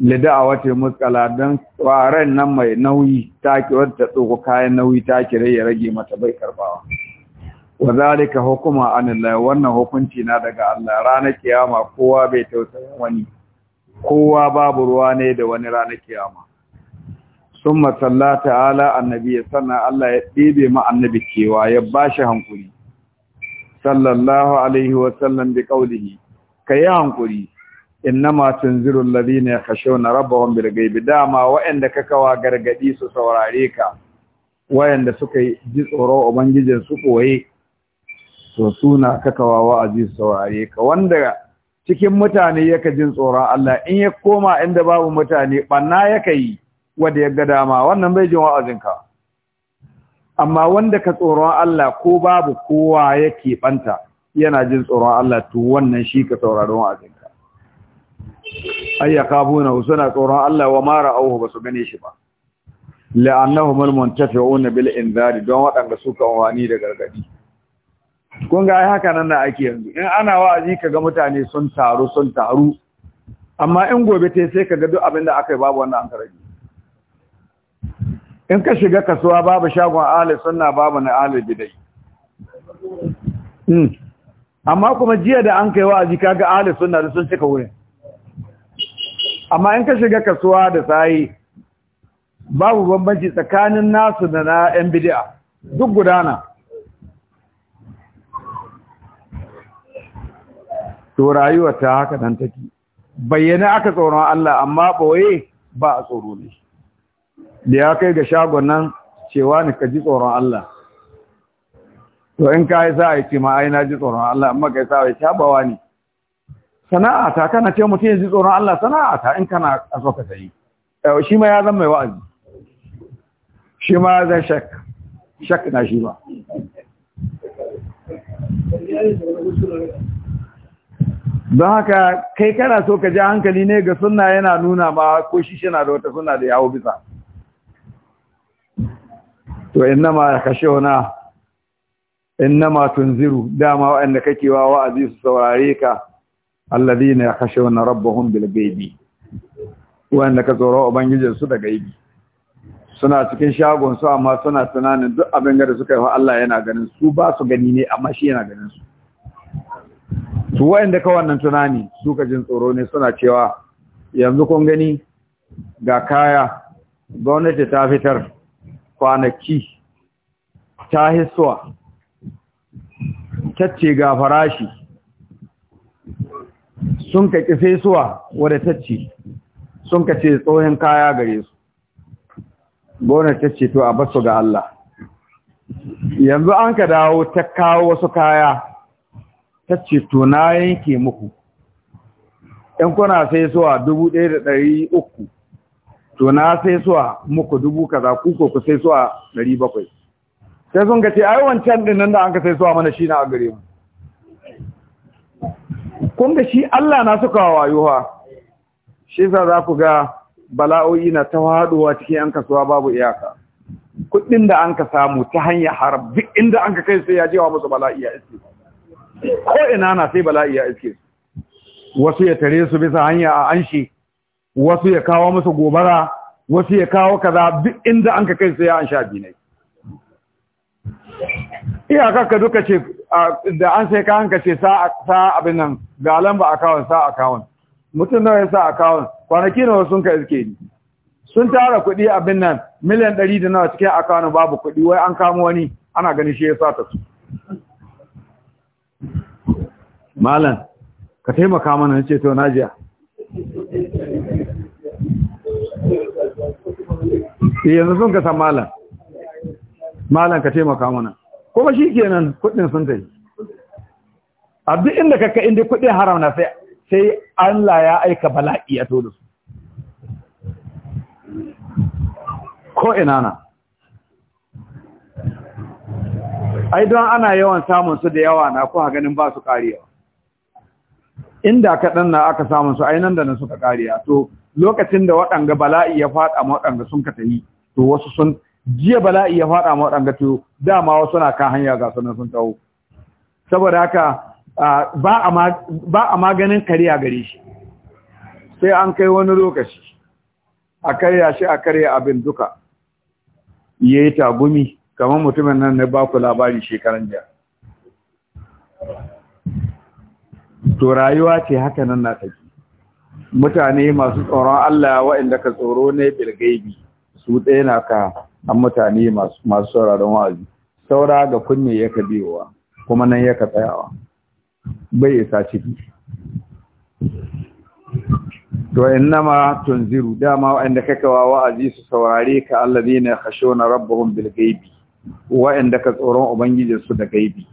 lida a wata muskala don tsaron nan mai nauyi ta ki ɗauko kayan nauyi ta kira ya rage mata bai karɓawa. wa zalika hukuma anillahi wannan hukunci na daga Allah ranar kiyama kowa bai tausaya wani kowa babu ruwa ne da wani ranar kiyama summa sallata ala annabi sannan Allah ya ɗebe ma annabi cewa ya bashi hankuri sallallahu alaihi wa sallam bi qawlihi kai hankuri innama tunziru alladhina khashawna rabbahum bil ghaibi dama wa'anda kakawa gargadi su saurare ka wa'anda suka ji tsoro ubangijin su ɓoye. so suna kakawa wa'azi saurare ka wanda cikin mutane yake jin tsoron Allah in ya koma inda babu mutane banna yake yi wanda ya ga dama wannan bai jin wa'azin ka amma wanda ka tsoron Allah ko babu kowa yake banta yana jin tsoron Allah to wannan shi ka sauraron wa'azin ka ayyakabuna suna tsoron Allah wa mara auhu basu gane shi ba la'annahum al-muntafi'una bil inzari don waɗanda suka wani da gargadi kun ga haka nan na ake yanzu in ana wa'azi kaga mutane sun taru sun taru amma in gobe te sai kaga duk abin da aka yi babu wannan ankarabi. in ka shiga kasuwa babu shagon ahli sunna babu na ahli bidai hmm. amma kuma jiya da an kai wa'azi kaga ahli sunna da sun cika wurin amma in ka shiga kasuwa da sai babu bambanci tsakanin nasu da na yan bid'a duk gudana to rayuwar ta haka nan take bayyana aka tsoron Allah amma boye ba a tsoro ne da ya kai ga shagon nan cewa ni ka ji tsoron Allah to in ka yi sa'a ce ma ai na ji tsoron Allah amma kai sa'a ya shabawa ne sana'a ta kana ce mutum ya ji tsoron Allah sana'a ta in kana aso ka sayi shi ma ya zama mai wa'azi shi ma zan shak shak na shi ba don haka kai kana so ka ji hankali ne ga suna yana nuna ba ko shi suna da wata suna da yawo bisa to innama kashona innama tunziru dama wa'anda kake wa wa'azi su saurare ka alladhina yakhshawna rabbahum bil ghaibi wa'anda ka tsoro ubangijin su da gaibi suna cikin shagon su amma suna tunanin duk abin da suka yi Allah yana ganin su ba su gani ne amma shi yana ganin su su wa'anda ka wannan tunani ka jin tsoro ne suna cewa yanzu kun gani ga kaya gwamnati ta fitar kwanaki ta hisuwa tacce ga farashi sun ka ƙi fesuwa wadda tacce sun ka ce tsohon kaya gare su gwamnati ta ce to a basu ga Allah yanzu an ka dawo ta kawo wasu kaya ta ce to na yanke muku ‘yan kuna sai suwa dubu ɗaya da ɗari uku to na sai suwa muku dubu kaza kuko ku sai suwa ɗari bakwai sai sun gace a yi wancan ɗin nan da an ka sai suwa mana shi na a gare mu kun ga shi Allah na suka wayuwa shi sa za ku ga bala'o'i na ta haɗuwa cikin ‘yan kasuwa babu iyaka kuɗin da an ka samu ta hanyar haram duk inda an ka kai sai ya jewa musu bala'i ya iske ko ina na sai bala'i ya iske su wasu ya tare su bisa hanya a anshi wasu ya kawo musu gobara wasu ya kawo kaza duk inda an ka kai su ya an sha dinai iyakar ka duka ce da an sai ka ka ce sa abin nan ga lamba account sa account. mutum nawa ya sa account? kwanaki nawa sun ka iske ni sun tara kuɗi abin nan miliyan ɗari da nawa cikin akawun babu kuɗi wai an kamo wani ana ganin shi ya sa ta su malam ka taimaka mana ce to najiya eh, yanzu sun ka san malam malam ka taimaka mana kuma shi kenan kudin sun ta yi. duk inda kakka inda kudin haram na sai sai Allah ya aika bala'i a tolu ko ina na ai don ana yawan samun su da yawa na kuma ganin ba su kariya. inda kaɗan na aka samun su ainihin da na suka ƙariya to lokacin da waɗanga bala'i ya faɗa ma waɗanga sun ka to wasu sun jiya bala'i ya faɗa ma waɗanga to dama wasu na kan hanya ga sunan sun taho saboda haka ba a maganin kariya gare shi sai an kai wani lokaci a karya shi a karya abin duka ya yi tagumi kamar mutumin nan na baku labari shekaran jiya to rayuwa ce haka nan na take mutane masu tsoron Allah waɗanda ka tsoro ne bilgaibi su ɗaya na ka an mutane masu sauraron wa'azi saura ga kunne ya ka biyowa kuma nan ya ka tsayawa bai isa ciki to ma tunziru dama waɗanda kake wa wa'azi su saurare ka allazina khashuna rabbuhum bilgaibi ghaibi waɗanda ka tsoron ubangijinsu da gaibi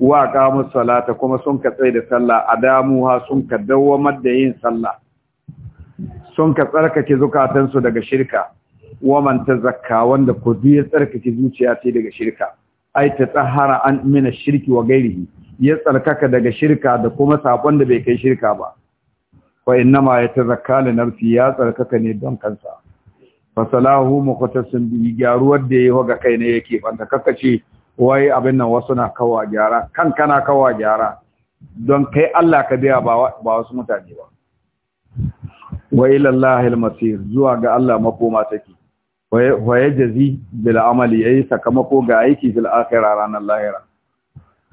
wa qamus salata kuma sun ka tsai da sallah a ha sun ka dawamar da yin sallah sun ka tsarkake zukatansu daga shirka wa man tazakka wanda ku ya tsarkake zuciya ce daga shirka ai ta tsahara an mina shirki wa gairihi ya tsarkaka daga shirka da kuma sakon da bai kai shirka ba inna ma ya tazakka li nafsi ya tsarkaka ne don kansa fasalahu muqtasim bi gyaruwar da yayi ga kai ne yake banda kakkace wai abin nan wasu na kawo gyara kan kana kawo gyara don kai Allah ka biya ba wasu mutane ba wa lallahi almasir zuwa ga Allah makoma take wa jazi bil amali yayi sakamako ga aiki fil akhirah ranar lahira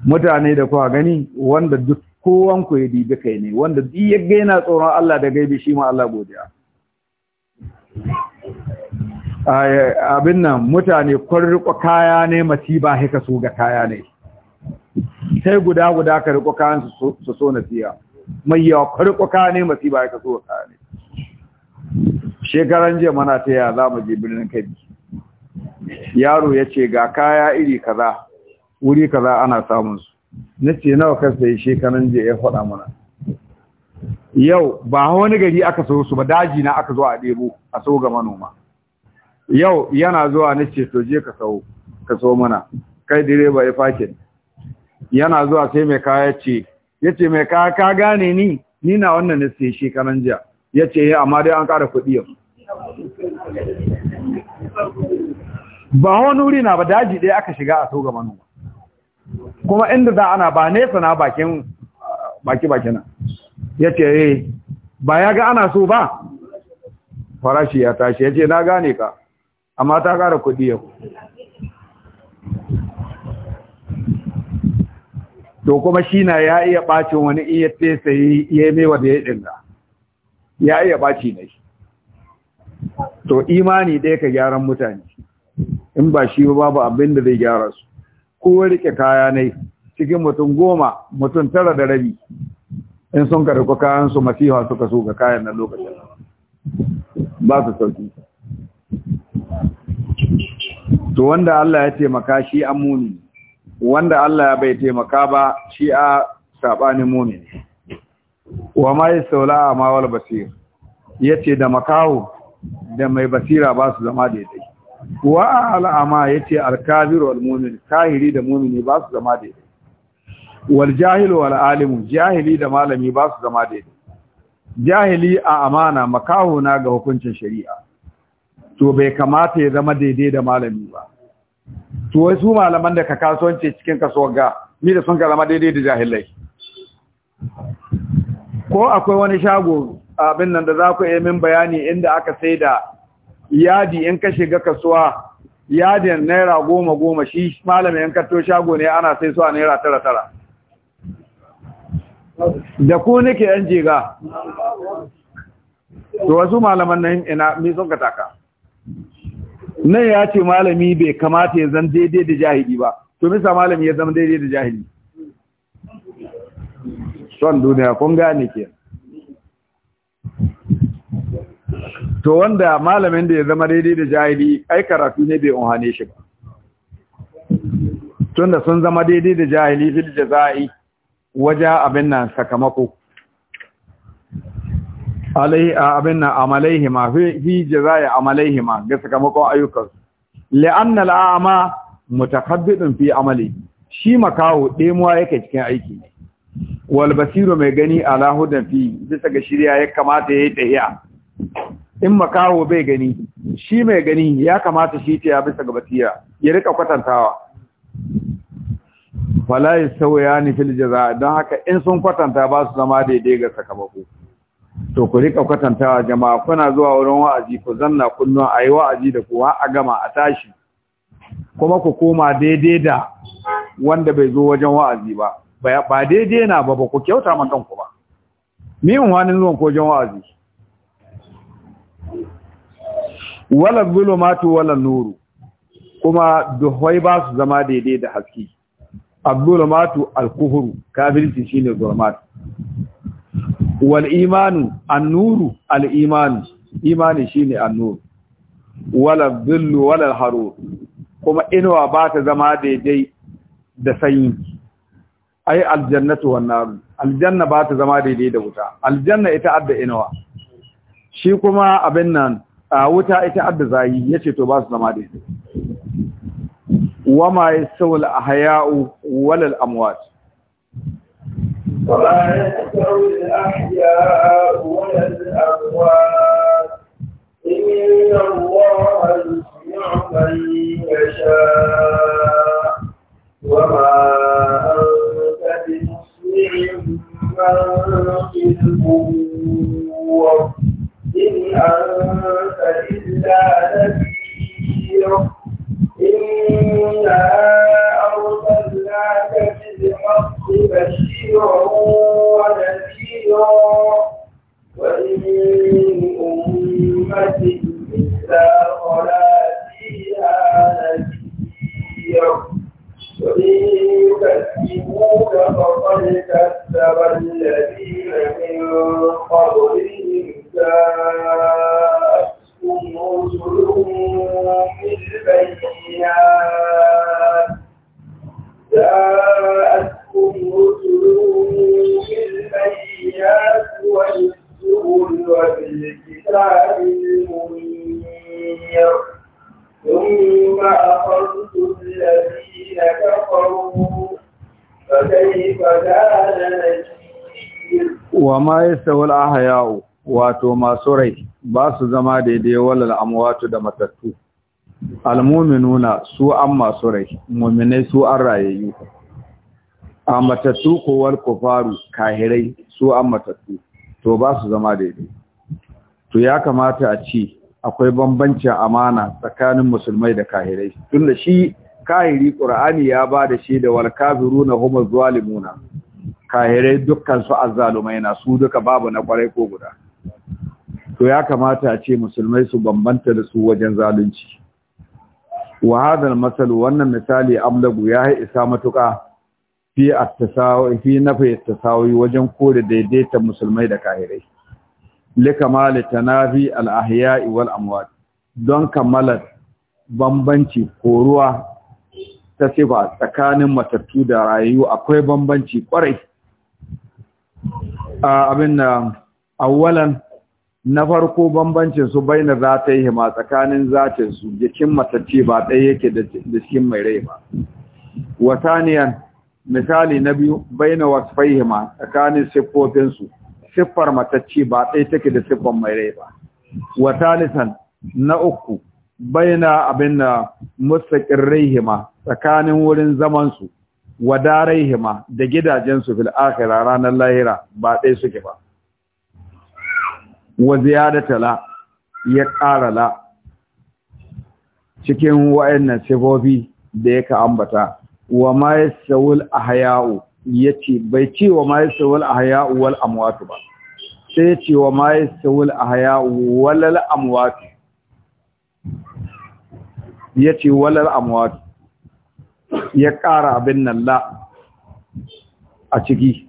mutane da kuwa gani wanda duk kowan ku ya dibi kai ne wanda duk ya gaina tsoron Allah da gaibi shi ma Allah godiya abin nan mutane kwarriko kaya ne masiba haka su ga kaya ne sai guda guda ka riko kayan su so na siya mai yawa kwarriko kaya ne masiba haka su ga kaya ne shekaran jiya mana ta yaya za mu je birnin kaji. yaro ya ce ga kaya iri kaza wuri kaza ana samun su na ce nawa ka sai shekaran jiya ya faɗa mana yau ba wani gari aka so su ba daji na aka zo a ɗebo a so ga manoma yau yana zuwa na ce to je ka sau ka so mana kai direba ya fakin yana zuwa sai mai kaya ce ya ce mai kaya ka gane ni ni na wannan na sai shekaran jiya ya ce ya eh, amma dai an kara kuɗi yau ba wani wuri na ba daji ɗaya aka shiga a so ga manoma kuma inda za ana ba nesa na bakin baki bakina ya ce eh, ba ya ga ana so ba farashi ya tashi ya ce na gane ka amma ta ƙara kuɗi yau to kuma shi na ya iya ɓacin wani iya fesa ya yi mewa da ya ɗinga ya iya ɓaci na shi to imani ɗaya ka gyaran mutane in ba shi ba babu abin da zai gyara su ko rike kaya na cikin mutum goma mutum tara da rabi in sun karɓi kayan su suka so ga kayan na lokacin ba su sauki to wanda Allah ya taimaka shi an mumini wanda Allah bai taimaka ba shi a sabanin mumini wa ma yasaula ma wal basir yace da makaho da mai basira ba su zama da yake wa al'ama yace al-kabiru wal mumin kahiri da mumini ba su zama da yake wal jahil wal alim jahili da malami ba su zama da yake jahili a amana makaho na ga hukuncin shari'a to bai kamata ya zama daidai da malami ba to wai su malaman da ka kasuwanci cikin kasuwar ga ni da sun ka zama daidai da jahilai ko akwai wani shago abin nan da za ku yi min bayani inda aka sai da yadi in ka shiga kasuwa yadin naira goma goma shi malamin in kato shago ne ana sai suwa a naira tara tara da ku nake yan jega to wasu malaman nan ina mi sun ka taka nan ya ce malami bai kamata ya zan daidai da jahili ba to misa malami ya zama daidai da jahili son duniya kun gane ke to wanda malamin da ya zama daidai da jahili ai karatu ne bai unhane shi ba tunda sun zama daidai da jahili fil jazai waje abin nan sakamako alaihi abin na amalaihi fi jazai amalaihi ga sakamakon ayyukan li'anna al'ama mutakabbidun fi amali shi makaho demuwa yake cikin aiki ne wal basiru mai gani ala hudan fi bisa ga shirya ya kamata yayi tahiya in makaho bai gani shi mai gani ya kamata shi ta bisa ga basira ya rika kwatantawa fala yasawiyani fil jazaa don haka in sun kwatanta ba su zama daidai ga sakamako to ku rika kwatantawa jama'a kuna zuwa wurin wa'azi ku zanna kullum a yi wa'azi da kuwa a gama a tashi kuma ku koma daidai da wanda bai zo wajen wa'azi ba ba daidai na ba ba ku kyauta ma kanku ba ni in wani zuwan ko wajen wa'azi wala zulumatu wala nuru kuma duhwai ba su zama daidai da haske abdulmatu alkuhuru kafirci shine zulmatu wal imanu annuru al imanu imani shine annuru wala dhillu wala harur kuma inuwa ba ta zama daidai da sanyi ai aljannatu wan nar aljanna ba ta zama daidai da wuta aljanna ita adda inuwa shi kuma abin nan wuta ita adda zayi yace to ba su zama daidai wama yasawul ahya'u wal amwat وما يستوي الأحياء ولا الأموات إن الله يسمع من يشاء وما أنت بمسمع من في القبور إن أنت إلا نذير إنا أرسلناك بالحق بشيرا ونذيرا wato masu rai ba su zama daidai walal amwatu da matattu almuminuna su an masu rai muminai su an rayayyu a matattu kowar kufaru kahirai su an matattu to ba su zama daidai to ya kamata a ci akwai bambancin amana tsakanin musulmai da kahirai Tun da shi kahiri qur'ani ya ba da shi da wal kafiruna zuwa zalimuna kahirai dukkan su azzalumai na su duka babu na kwarai ko guda to ya kamata a ce musulmai su bambanta da su wajen zalunci wa hadal masalu wannan misali amlagu ya yi isa matuka fi na fi nafi wajen kore daidaita musulmai da kahirai ta tanafi al-ahya'i wal amwat don kamala bambanci koruwa ta sifa tsakanin matattu da rayu akwai bambanci kwarai abin da awwalan na farko bambancin su baina za ta yi tsakanin zatin su jikin matacce ba ɗaya yake da cikin mai rai ba wataniyan misali na biyu baina wasfaihi ma tsakanin siffofin su siffar matacce ba ɗaya take da siffar mai rai ba watalisan na uku baina abin da rai hima tsakanin wurin zaman su wadarai hima da gidajen su fil akhirah ranar lahira ba ɗaya suke ba wa ziyadata la ya ƙara la cikin wa'annan sifofi da ya ka ambata wa ma yasawul ahya'u yace bai ce wa ma yasawul ahya'u wal amwatu ba sai ya ce wa ma yasawul ahya'u wal amwatu yace wal amwatu ya ƙara abin nan la a ciki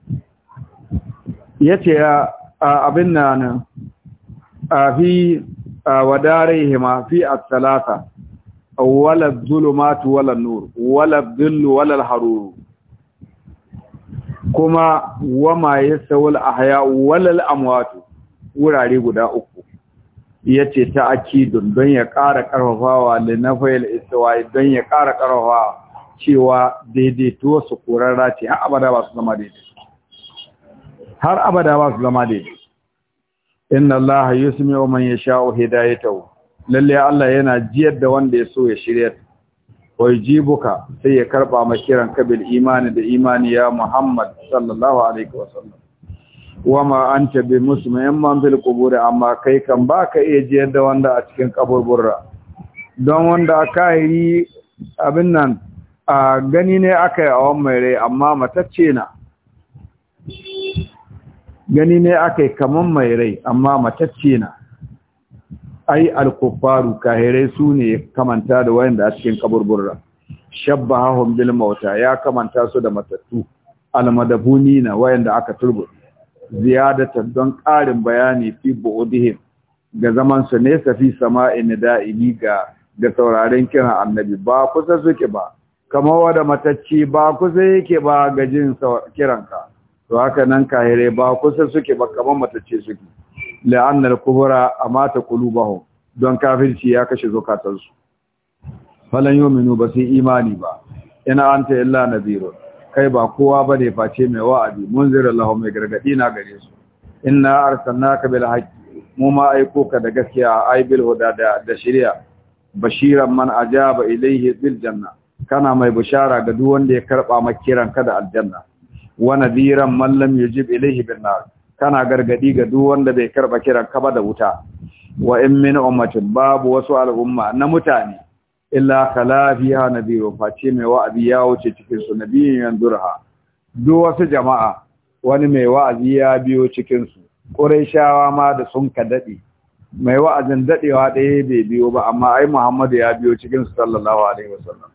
yace abin nan fi wadarihima fi at-thalatha wala dhulumatu wala nur wala dhillu wala haruru kuma wama yasawul ahya wala amwatu wurare guda uku yace ta akidun don ya kara karfafawa li nafayil istiwa'i don ya kara karfafawa cewa daidaituwa su korarra ce har abada ba su zama daidai har abada ba su zama daidai inna Allah yusmi'u man yasha'u hidayatahu lalle Allah yana jiyar da wanda ya so ya shirya wa Jibuka sai ya karba ma kiran kabil imani da imani ya Muhammad sallallahu alaihi wasallam wama anta bi muslimin man fil qubur amma kai kan baka iya jiyar da wanda a cikin kaburburra don wanda kahiri abin nan a gani ne aka a wan mai rai amma matacce na gani ne aka yi kaman mai rai amma matacce na ai alkufaru kahirai su ne kamanta da wayanda a cikin kaburburra shabbahahum bil mauta ya kamanta su da matattu almadabuni na wayanda aka turbu ziyadata don karin bayani fi bu'udihim ga zaman su ne safi sama'i nida'i ga da sauraren kiran annabi ba kusa suke ba kamar wada matacci ba kusa yake ba ga jin kiranka to haka nan kahire ba kusa suke ba kamar matacce suke la'annar kubura a mata kulubahu don kafirci ya kashe zukatansu falan yominu ba su imani ba ina anta illa nadhirun kai ba kowa bane face mai wa'adi munzira lahu mai gargadi na gare su inna arsalnaka bil haqqi mu ma aiko ka da gaskiya ai bil huda da da shari'a bashiran man ajaba ilayhi bil janna kana mai bushara ga duk wanda ya karba makiran ka da aljanna wa nadiran man lam yujib ilayhi bin kana gargadi ga duk wanda bai karba kiran kaba da wuta wa in min ummatin babu wasu al'umma na mutane illa kala fiha nadiru face mai wa'azi ya wuce cikin su nabiyin yanzurha duk wasu jama'a wani mai wa'azi ya biyo cikin su quraishawa ma da sun ka dade mai wa'azin dadewa ɗaya bai biyo ba amma ai Muhammadu ya biyo cikin su sallallahu alaihi wasallam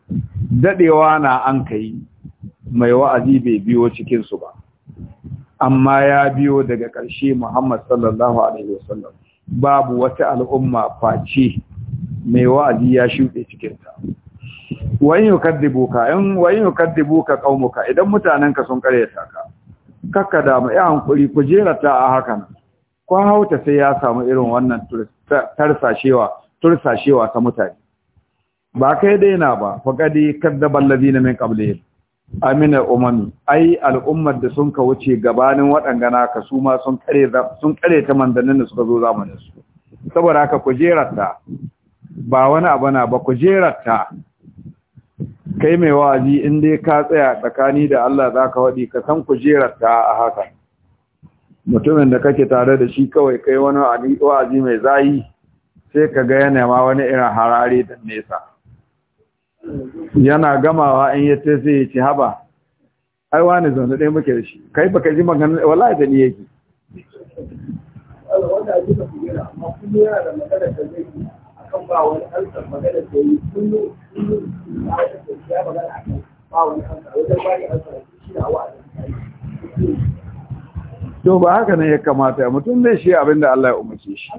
dadewa na an kai mai wa'azi bai biyo cikinsu ba amma ya biyo daga ƙarshe Muhammad sallallahu alaihi wasallam babu wata al'umma face mai wa'azi ya shuɗe cikinta. Wani yi kaddibu ka, wani yi kaddibu ka ƙaunuka idan mutanenka sun karyata ka, kakka mu ya hankuri ku ta a hakan, kwan hauta sai ya samu irin wannan tursashewa ta mutane. Ba kai daina ba, faƙaɗi kaddaban labi na min ƙabliyin. amina umami ai al'ummar da sun ka wuce gabanin waɗanga ka su ma sun kare ta mandanin da suka zo zamanin su saboda haka kujerarta. ba wani abu na ba kujerarta. kai mai wa'azi in dai ka tsaya tsakani da Allah za ka wadi ka san kujerar ta a haka mutumin da kake tare da shi kawai kai wani wa'azi mai zayi sai ka ga yana ma wani irin harare da nesa yana gamawa in ya ce sai ya ci haba ai wani zaune ɗaya muke da shi kai baka ji magana wallahi da ni yake to ba haka ne ya kamata mutum ne shi abinda Allah ya umarce shi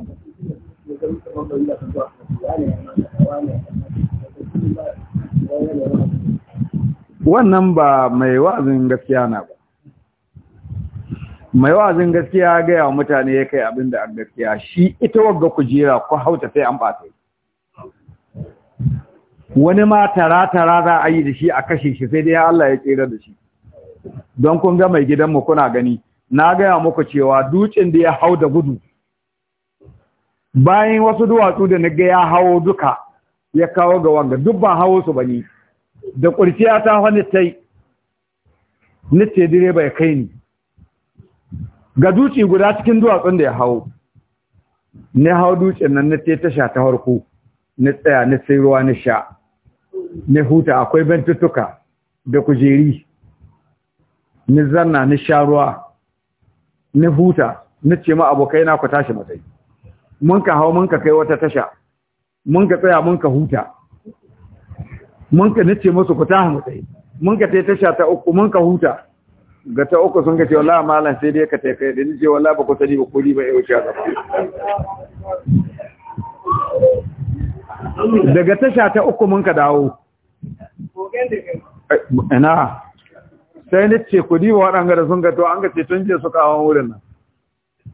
wannan ba mai wa'azin gaskiya na ba mai wa'azin gaskiya gaya wa mutane ya kai abin da an gaskiya shi ita wagga kujera ko hauta sai an ɓata wani ma tara-tara za a yi da shi a kashe shi sai dai Allah ya tsira da shi don kun ga mai gidanmu kuna gani na gaya muku cewa dutsen da ya hau da gudu bayan wasu duwatsu da na ga ya hau duka ya kawo ga wanga duk ba hawo su bane da ƙurciya ta wani ta yi nice direba ya kai ni ga duci guda cikin duwatsun da ya hau ni hau dutsen nan nice ta sha ta harko ni tsaya ni sai ruwa ni sha ni huta akwai bentuttuka da kujeri ni zanna ni sha ruwa ni huta ni ce ma abokai na ku tashi matsayi mun ka hau mun ka kai wata tasha mun ka tsaya mun ka huta mun ka nace musu ku tahu mu tsaye mun ka tai tasha ta uku mun ka huta ga ta uku sun ka ce wallahi malam sai dai ka tai kai da nace wallahi ba ku sani ba ni ba yau ta daga tasha ta uku mun ka dawo ina sai nace ku diba waɗanga da sun ga to an ga ce tun jiya suka hawan wurin nan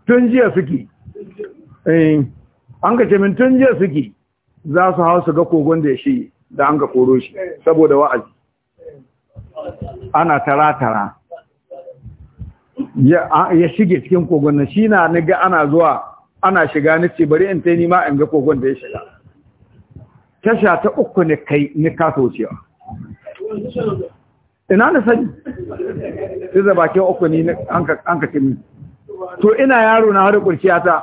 tun jiya suke eh, an ga ce min tun jiya suke za su hau su ga kogon da ya shi da an ka koro shi saboda wa'azi ana tara-tara ya shige cikin kogon na shi na naga ana zuwa ana shiga ni ce bari in ta yi ma in ga kogon da ya shiga tasha ta uku ne kai ni kasa wucewa ina na sani sai da bakin uku ne an ka kimi to ina yaro na har kurciya ta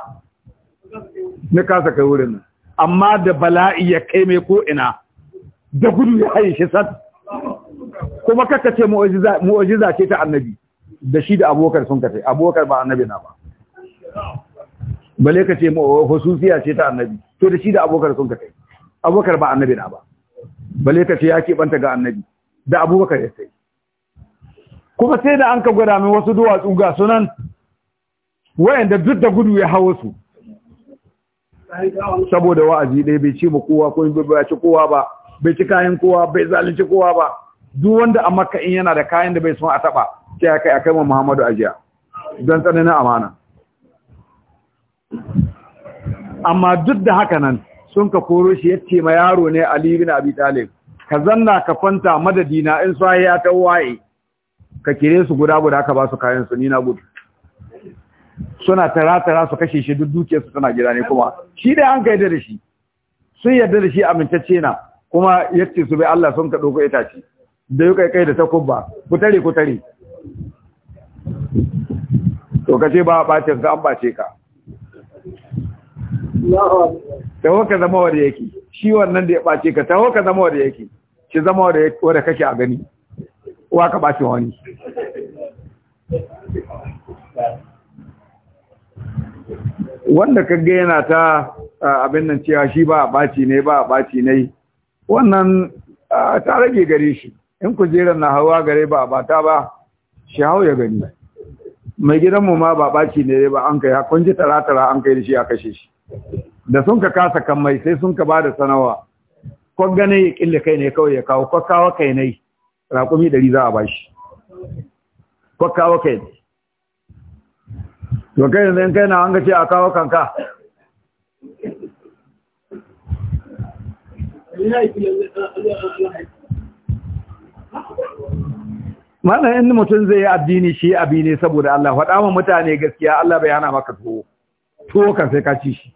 ni kasa kai wurin nan amma da bala'i ya kai mai ko ina da gudu ya haye shi san kuma kaka ce mu'ajiza ce ta annabi da shi da abokar sun kace abokar ba annabi na ba bale ka ce hususiya ce ta annabi to da shi da abokar sun kace abokar ba annabi na ba bale ka ce ya keɓanta ga annabi da abubakar ya sai kuma sai da an ka gwada min wasu duwatsu ga sunan wayanda duk da gudu ya hawo su saboda wa'azi ɗaya bai ce ba kowa ko bai ci kowa ba bai ci kayan kowa bai zalunci kowa ba duk wanda a makka in yana da kayan da bai son a taba sai a kai a kai wa muhammadu ajiya don tsananin amana amma duk da haka nan sun ka koro shi ya ce ma yaro ne ali bin abi talib ka zanna ka madadi na in sai ya ta waye ka kire su guda guda ka ba su kayan su ni na gudu suna tara tara su kashe shi duk dukiyar su tana gida ne kuma shi dai an ka yarda da shi sun yarda da shi amintacce na kuma yace su bai Allah sun ka dauko itace da yuka kai da takubba ku tare ku tare to kace ba bacin ka an bace ka ta hoka zama wanda yake shi wannan da ya bace ka ta hoka zama wanda yake shi zama wanda kake a gani wa ka bace wani wanda ka ga yana ta abin nan cewa shi ba a ɓaci ne ba a ɓaci ne wannan ta rage gare shi in kujerar na hawa gare ba ba ta ba shi hau ya gani mai gidanmu ma ba ɓaci ne ba an kai Kun ji tara-tara an kai da shi ya kashe shi da sun ka kasa kan mai sai sun ka ba da sanawa kwan gane ya kille kai ne kawai ya kawo kwakawa kai ne raƙumi ɗari za a ba shi kwakawa kai ne to kai yanzu kai na an ga ce a kawo kanka Mana in mutum zai yi addini shi abi ne saboda Allah, faɗa wa mutane gaskiya Allah bai hana maka tuwo, tuwo kan sai ka ci shi.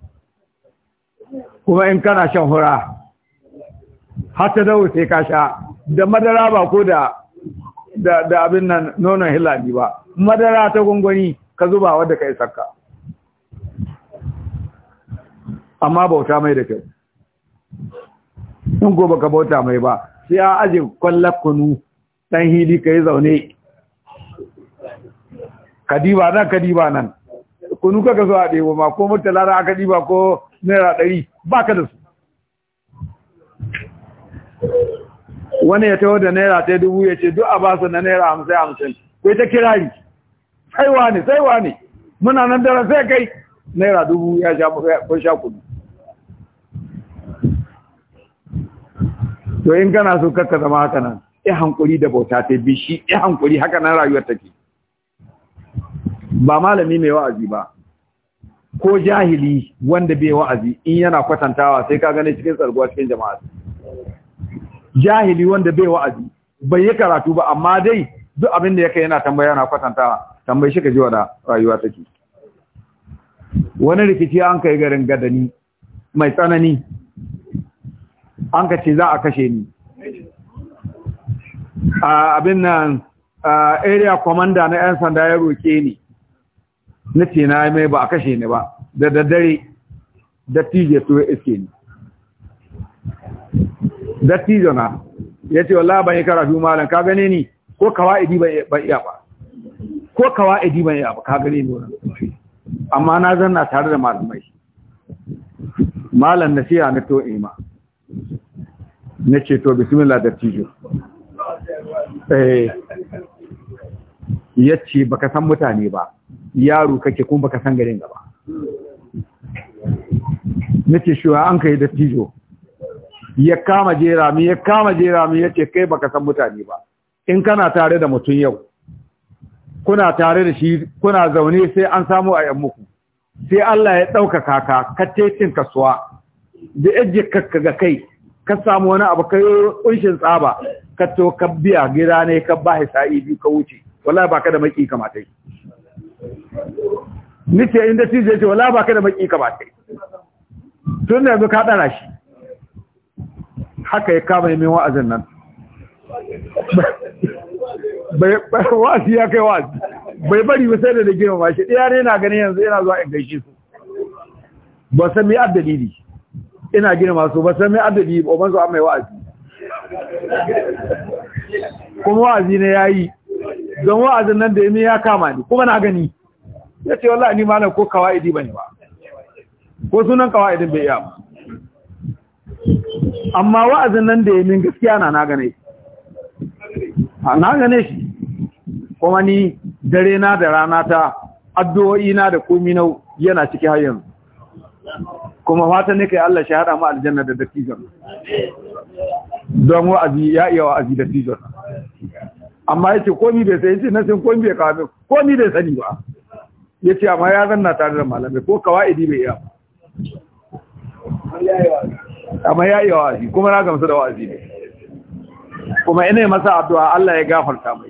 Kuma in kana shan hura, har ta dawo sai ka sha, da madara ba ko da abin nan nonon hilali ba, madara ta gungoni ka zuba wadda ka yi sakka. Amma bauta mai da kai sun gobe ka bauta mai ba sai ya aje kwallon kunu ɗan hili ka yi zaune ka diba nan ka diba nan kunu kaka zo a ɗebo ma ko murtala na aka diba ko naira ɗari ba ka da su wani ya taho da naira ta dubu ya ce duk a su na naira hamsin hamsin kai ta kirari sai ne sai ne muna nan dara sai kai naira dubu ya sha kudu to in kana so ka zama haka nan ya hankuri da bauta ta bi shi ya hankuri haka nan rayuwar take ba malami mai wa'azi ba ko jahili wanda bai wa'azi in yana kwatantawa sai ka gane cikin tsarguwa cikin jama'a jahili wanda bai wa'azi bai yi karatu ba amma dai duk abin da yake yana tambaya yana kwatantawa tambayi shi ka ji wani rayuwa take wani rikici an kai garin gadani mai tsanani an ka ce za a kashe ni abin nan area commander na 'yan sanda ya roƙe ni na ce na mai ba a kashe ni ba da daddare dattijo to ya iske ni dattijo na ya ce wallah ban yi karafi malam ka gane ni ko kawa idi ban iya ba ko kawa idi ban iya ba ka gane ni wannan amma na zanna tare da malamai malam na siya na to'ima na ce to bismillah da tijo eh, ya ce baka san mutane ba yaro kake kuma baka san garin gaba na ce shi an kai da tijo ya kama jera mi ya kama jera mi ya ce kai baka san mutane ba in kana tare da mutum yau kuna tare da shi kuna zaune sai an samu a muku sai Allah ya dauka ka kace cin kasuwa da yajje kakka ga kai ka samu wani abu kai kunshin tsaba ka to ka biya gida ne ka ba sa'i biyu ka wuce wala ba ka da maki kamata Ni ce inda tije ce wala ba da maki kamata tun da yanzu ka dana shi haka ya kama min wa'azin nan wa'azi ya kai wa'azi bai bari ba sai da da girma shi ɗaya ne na ganin yanzu yana zuwa in gaishe su ba san me addalili ina gina masu ba san mai adadi ba ban zo mai wa'azi kuma wa'azi ne yayi don wa'azin nan da yimi ya kama ni kuma na gani yace wallahi ni malam ko kawaidi bane ba ko sunan kawaidin bai iya amma wa'azin nan da yimi gaskiya na na gane na gane shi kuma ni dare na da rana ta addu'o'i na da komi na yana ciki har yanzu kuma fata ne kai Allah shi hada mu aljanna da dattijon don wa'azi ya iya wa'azi da dattijon amma yace komi bai sai yace na san komi bai kawo komi bai sani ba yace amma ya zanna tare da malamai ko kawaidi bai iya amma ya iya wa'azi kuma na gamsu da wa'azi ne kuma ina masa addu'a Allah ya gafarta mai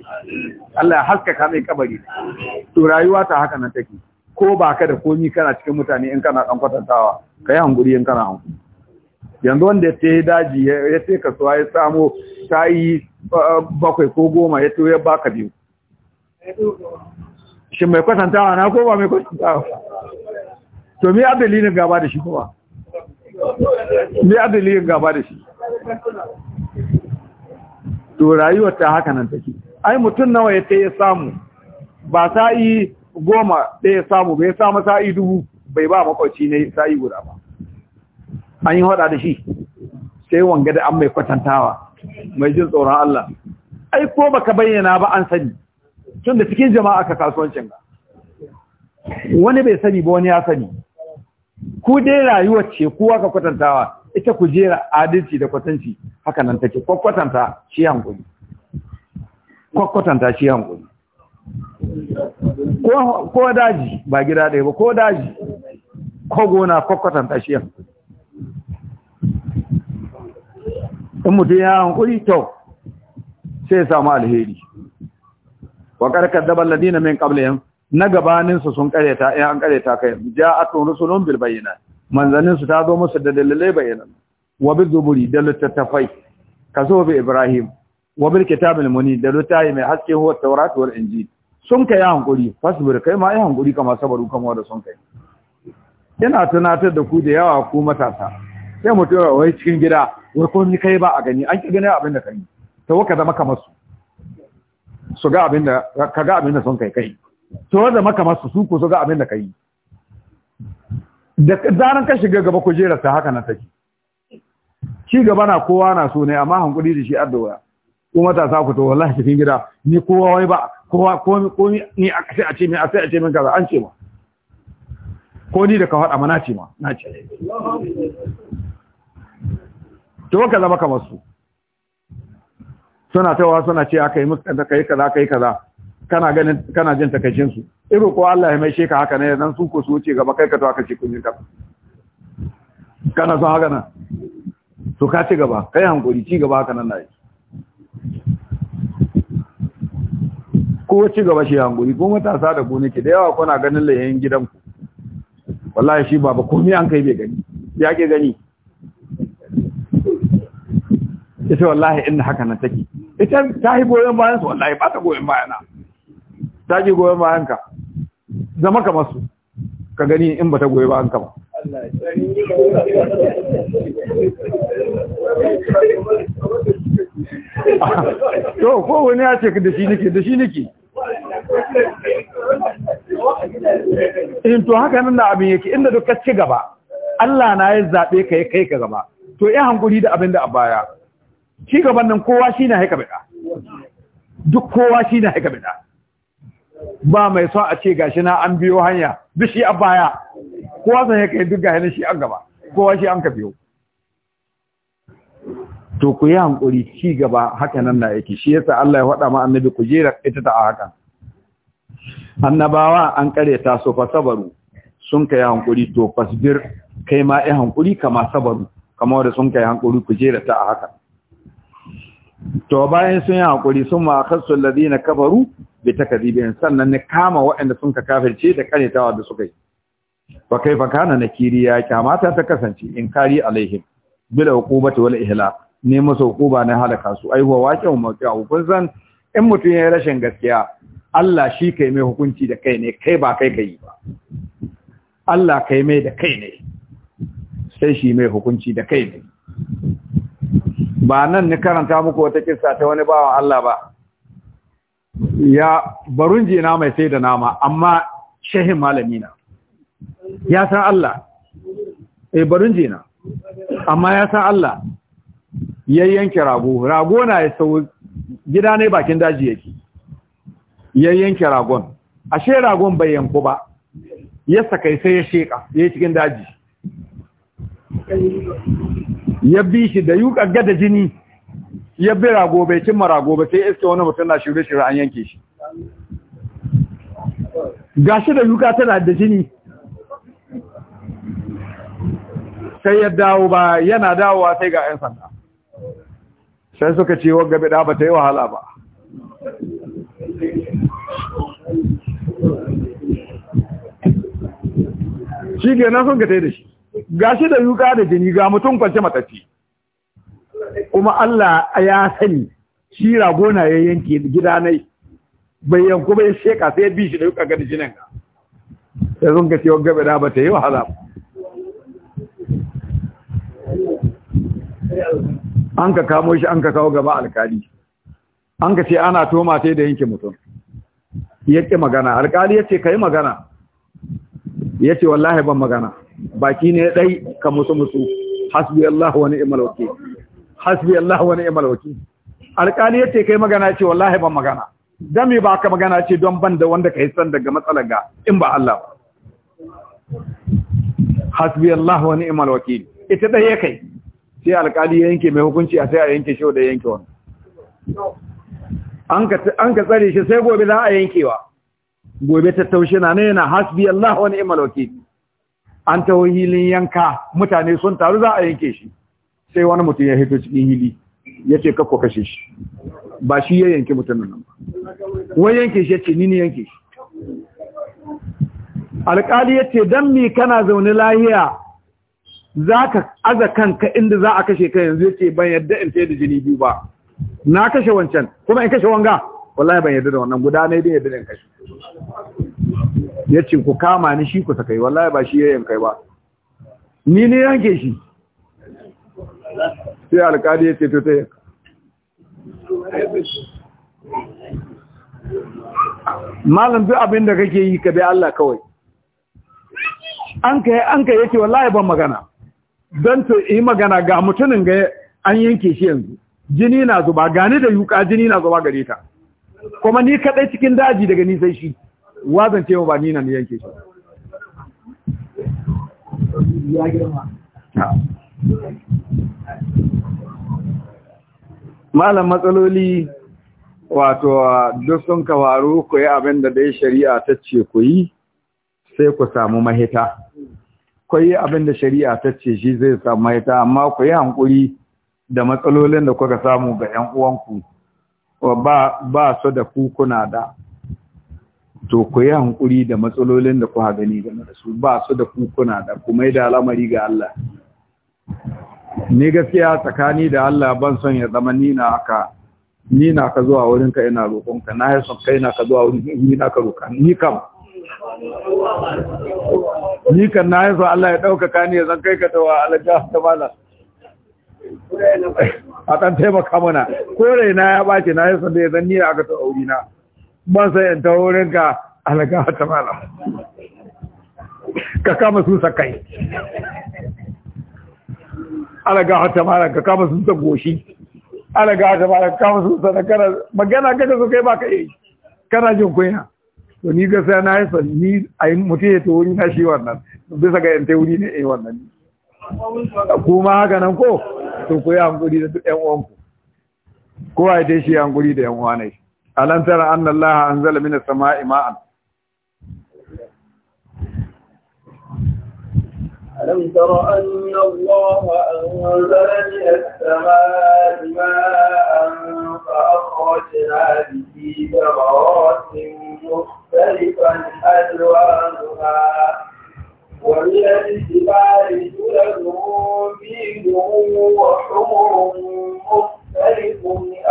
Allah ya haskaka mai kabari to rayuwa ta haka nan take ko ba ka da komi kana cikin mutane in kana dan kwatantawa ka yi hankuri in kana hanku yanzu wanda ya ce daji ya ce kasuwa ya samo ta yi bakwai ko goma ya ce ya baka biyu shi mai kwatantawa na ko ba mai kwatantawa to me adalilin gaba da shi kuma me adalilin gaba da shi to rayuwar ta haka nan take ai mutum nawa ya ce ya samu ba ta yi goma ɗaya ya samu bai samu sa'i dubu bai ba makwaci ne sa'i guda ba an yi hada da shi sai wanga da an mai kwatantawa mai jin tsoron Allah ai ko baka bayyana ba an sani tun da cikin jama'a ka kasuwancin ga wani bai sani ba wani ya sani ku dai rayuwar ce kowa ka kwatantawa ita ku jera adalci da kwatanci haka nan take kwakwatanta shi hankuli ko daji ba gida ɗaya ba ko daji ko gona kwakwatan tashiyan in mutum ya hankuri kyau sai samu alheri wa karkar dabar ladina min ƙablayen na gabaninsu sun ƙareta ya eh, an ƙareta kai ja a tonu sunan bilbayyana manzaninsu ta zo musu da dalilai bayyana wa bi zuburi da littattafai ka zo bi ibrahim wa bi kitabil muni da littafi mai haske wa taurat wal sun kai hankuri fasbir kai ma yi hankuri kamar sabaru kamar da sun kai yana tunatar da ku da yawa ku matasa sai mutum ya wai cikin gida wai ni kai ba a gani an ki gani abin da kai to waka zama kamar su su ga abin da ka ga abin da sun kai kai to wanda zama kamar su ku su ga abin da kai da zaran ka shiga gaba ku ta haka na take ci gaba na kowa na so ne amma hankuri da shi addu'a ko matasa ku to wallahi cikin gida ni kowa wai ba kowa ko ko ni a sai a ce ni a sai a ce min kaza an ce ma ko ni da ka faɗa mana ce ma na ce to ka zama kamar su suna tawa suna ce aka yi musu kaza kai kaza kai kaza kana ganin kana jin takaicin su iro ko Allah ya mai sheka haka ne dan su ko su ce gaba kai ka to aka ce kun yi kaza kana son haka nan to ka ci gaba kai hankuri ci gaba haka nan na ko ci gaba shi hanguri ko matasa da ku nake da yawa kuna ganin layin gidanku wallahi shi baba komai an kai bai gani ya ke gani ita wallahi inda haka nan take ita ta yi goyon su. wallahi ba ta goyon bayana ta ji goyon ka. zama kamar su ka gani in ba ta goyi bayanka ba to ko wani ya ce da shi nake da shi nake in eh, to haka nan da abin yake inda duk ka ci gaba Allah na ya zabe ka ya kai ka gaba to ya hankuri da abin da a baya ci gaban nan kowa shi na haika bida duk kowa shi na haika bida ba mai so a ce gashi na an biyo hanya duk shi a baya kowa san kai duk gashi shi an gaba kowa shi an ka biyo to ku yi hankuri ci gaba haka nan na yake shi yasa Allah ya faɗa ma annabi ku jera ita ta haka annabawa an ta so fa sabaru sun kai hankuri to fasbir kai ma ai hankuri kama sabaru kama wanda sun kai hankuri ku jera ta haka to bayan sun yi hankuri sun ma akhasu alladhina kafaru bi takdibin sannan ne kama waɗanda sun ka kafirce da karetawa da suka yi fa kaifa kana nakiri ya kamata ta kasance in kari alaihim bila hukumati wal ihlaq ne masa hukuba na halaka su ai wa waqi mawqi'u kun san in mutum ya rashin gaskiya Allah shi kai mai hukunci da kai ne kai ba kai kai ba Allah kai mai da kai ne sai shi mai hukunci da kai ne ba nan ni karanta muku wata kissa ta wani bawan Allah ba ya barun na mai sai da nama amma shehin malami na ya san Allah eh barun na amma ya san Allah ya yanke rago rago na ya sau gida ne bakin daji yake ya yanke ragon ashe ragon bai yanku ba ya sakai sai ya sheka ya yi cikin daji ya bi shi da yuka gada jini ya bi rago bai cimma rago ba sai iska wani mutum na shirye shirye an yanke shi gashi da yuka tana da jini sai ya dawo ba yana dawowa sai ga 'yan sanda sai suka ce wagga bida ba ta yi wahala ba shi ke nan sun ka tai da shi ga shi da yuka da jini ga mutum kwanci matafi kuma Allah ya sani shi ragona ya yanke gidanai bai yanku bai sheka sai bi shi da yuka ga jinin ka sai sun ka ce wagga bida ba ta yi wahala ba an ka kamo shi an ka kawo gaba alkali an ka ce ana toma sai da yanke mutum ya ƙi magana alkali ya ce ka yi magana ya ce wallahi ban magana baki ne ɗai ka musu musu hasbi Allah wani imalauki?' hasbi Allah wani imalauki!' wakil alkali ya ce ka yi magana ce wallahi ban magana don me ba ka magana ce don ban da wanda ka yi san daga matsalar ga in ba Allah ba hasbi Allah wani imalauki ita ɗaya kai sai alkali ya yanke mai hukunci a sai a yanke shi da yanke wani an ka tsari shi sai gobe za a yankewa gobe tattaushe na ne yana hasbi Allah wani imaloki an taho hilin yanka mutane sun taru za a yanke shi sai wani mutum ya hito cikin hili ya ce kakko kashe shi ba shi ya yanke mutumin nan ba wai yanke shi ya ce ni ne yanke shi alƙali ya ce don mi kana zaune lahiya za ka aza kanka inda za a kashe ka yanzu ce ban yadda in sai da jini biyu ba na kashe wancan kuma in kashe wanga wallahi ban yadda da wannan guda ne din yadda in kashe ya ce ku kama ni shi ku sakai wallahi ba shi ya yanka ba ni ne yanke shi sai alkali ya ce to ta yi. malam duk abin da kake yi ka bi Allah kawai an kai an ka yake wallahi ban magana don ta yi magana ga mutumin ga an yanke shi yanzu jini na zuba gani da yuka jini na zuba gare ta kuma ni kadai cikin daji daga nisan shi wazan ce ba ni na yanke shi malam matsaloli wato duk sun kawaru ku yi abin da dai shari'a ta ce ku yi sai ku samu mahita ku abin da shari'a ta ce shi zai samu ita amma ku yi hankuri da matsalolin da kuka samu ga ƴan uwanku ba ba su da ku kuna da to ku yi hankuri da matsalolin da kuka gani game da su ba su da ku kuna da ku mai da al'amari ga Allah ni gaskiya tsakani da Allah ban son ya zama ni na aka ni na ka zuwa wurin ka ina roƙonka na yi son kai na ka zuwa wurin ni na ka roƙa ni kam ni kan na yi so Allah ya ɗaukaka ni ya zan kai ka tawa alaja ta mana. a ɗan taimaka mana ko na ya ɓace na yi so da ya zan niya aka tawa wuri na ban sai in wurin ka, alaja ta mana. ka kama su sa kai alaga ta mana ka kama su sa goshi alaga ta mana ka kama su sa kana magana kaga su kai ba ka yi kana jin kunya to ni gasa na yi san ni a yi mutum ya wuri na shi wannan bisa ga yanta wuri ne a eh, yi wannan kuma haka nan ko to ku yi hankuri da duk yan uwanku Ko ya dai shi hankuri da yan uwa ne alam tara an allaha anzala minas sama'i ma'an ألم تر أن الله أنزل من السماء ماء فأخرجنا به ثمرات مختلفا ألوانها ومن الجبال سلل فيه وحمر مختلف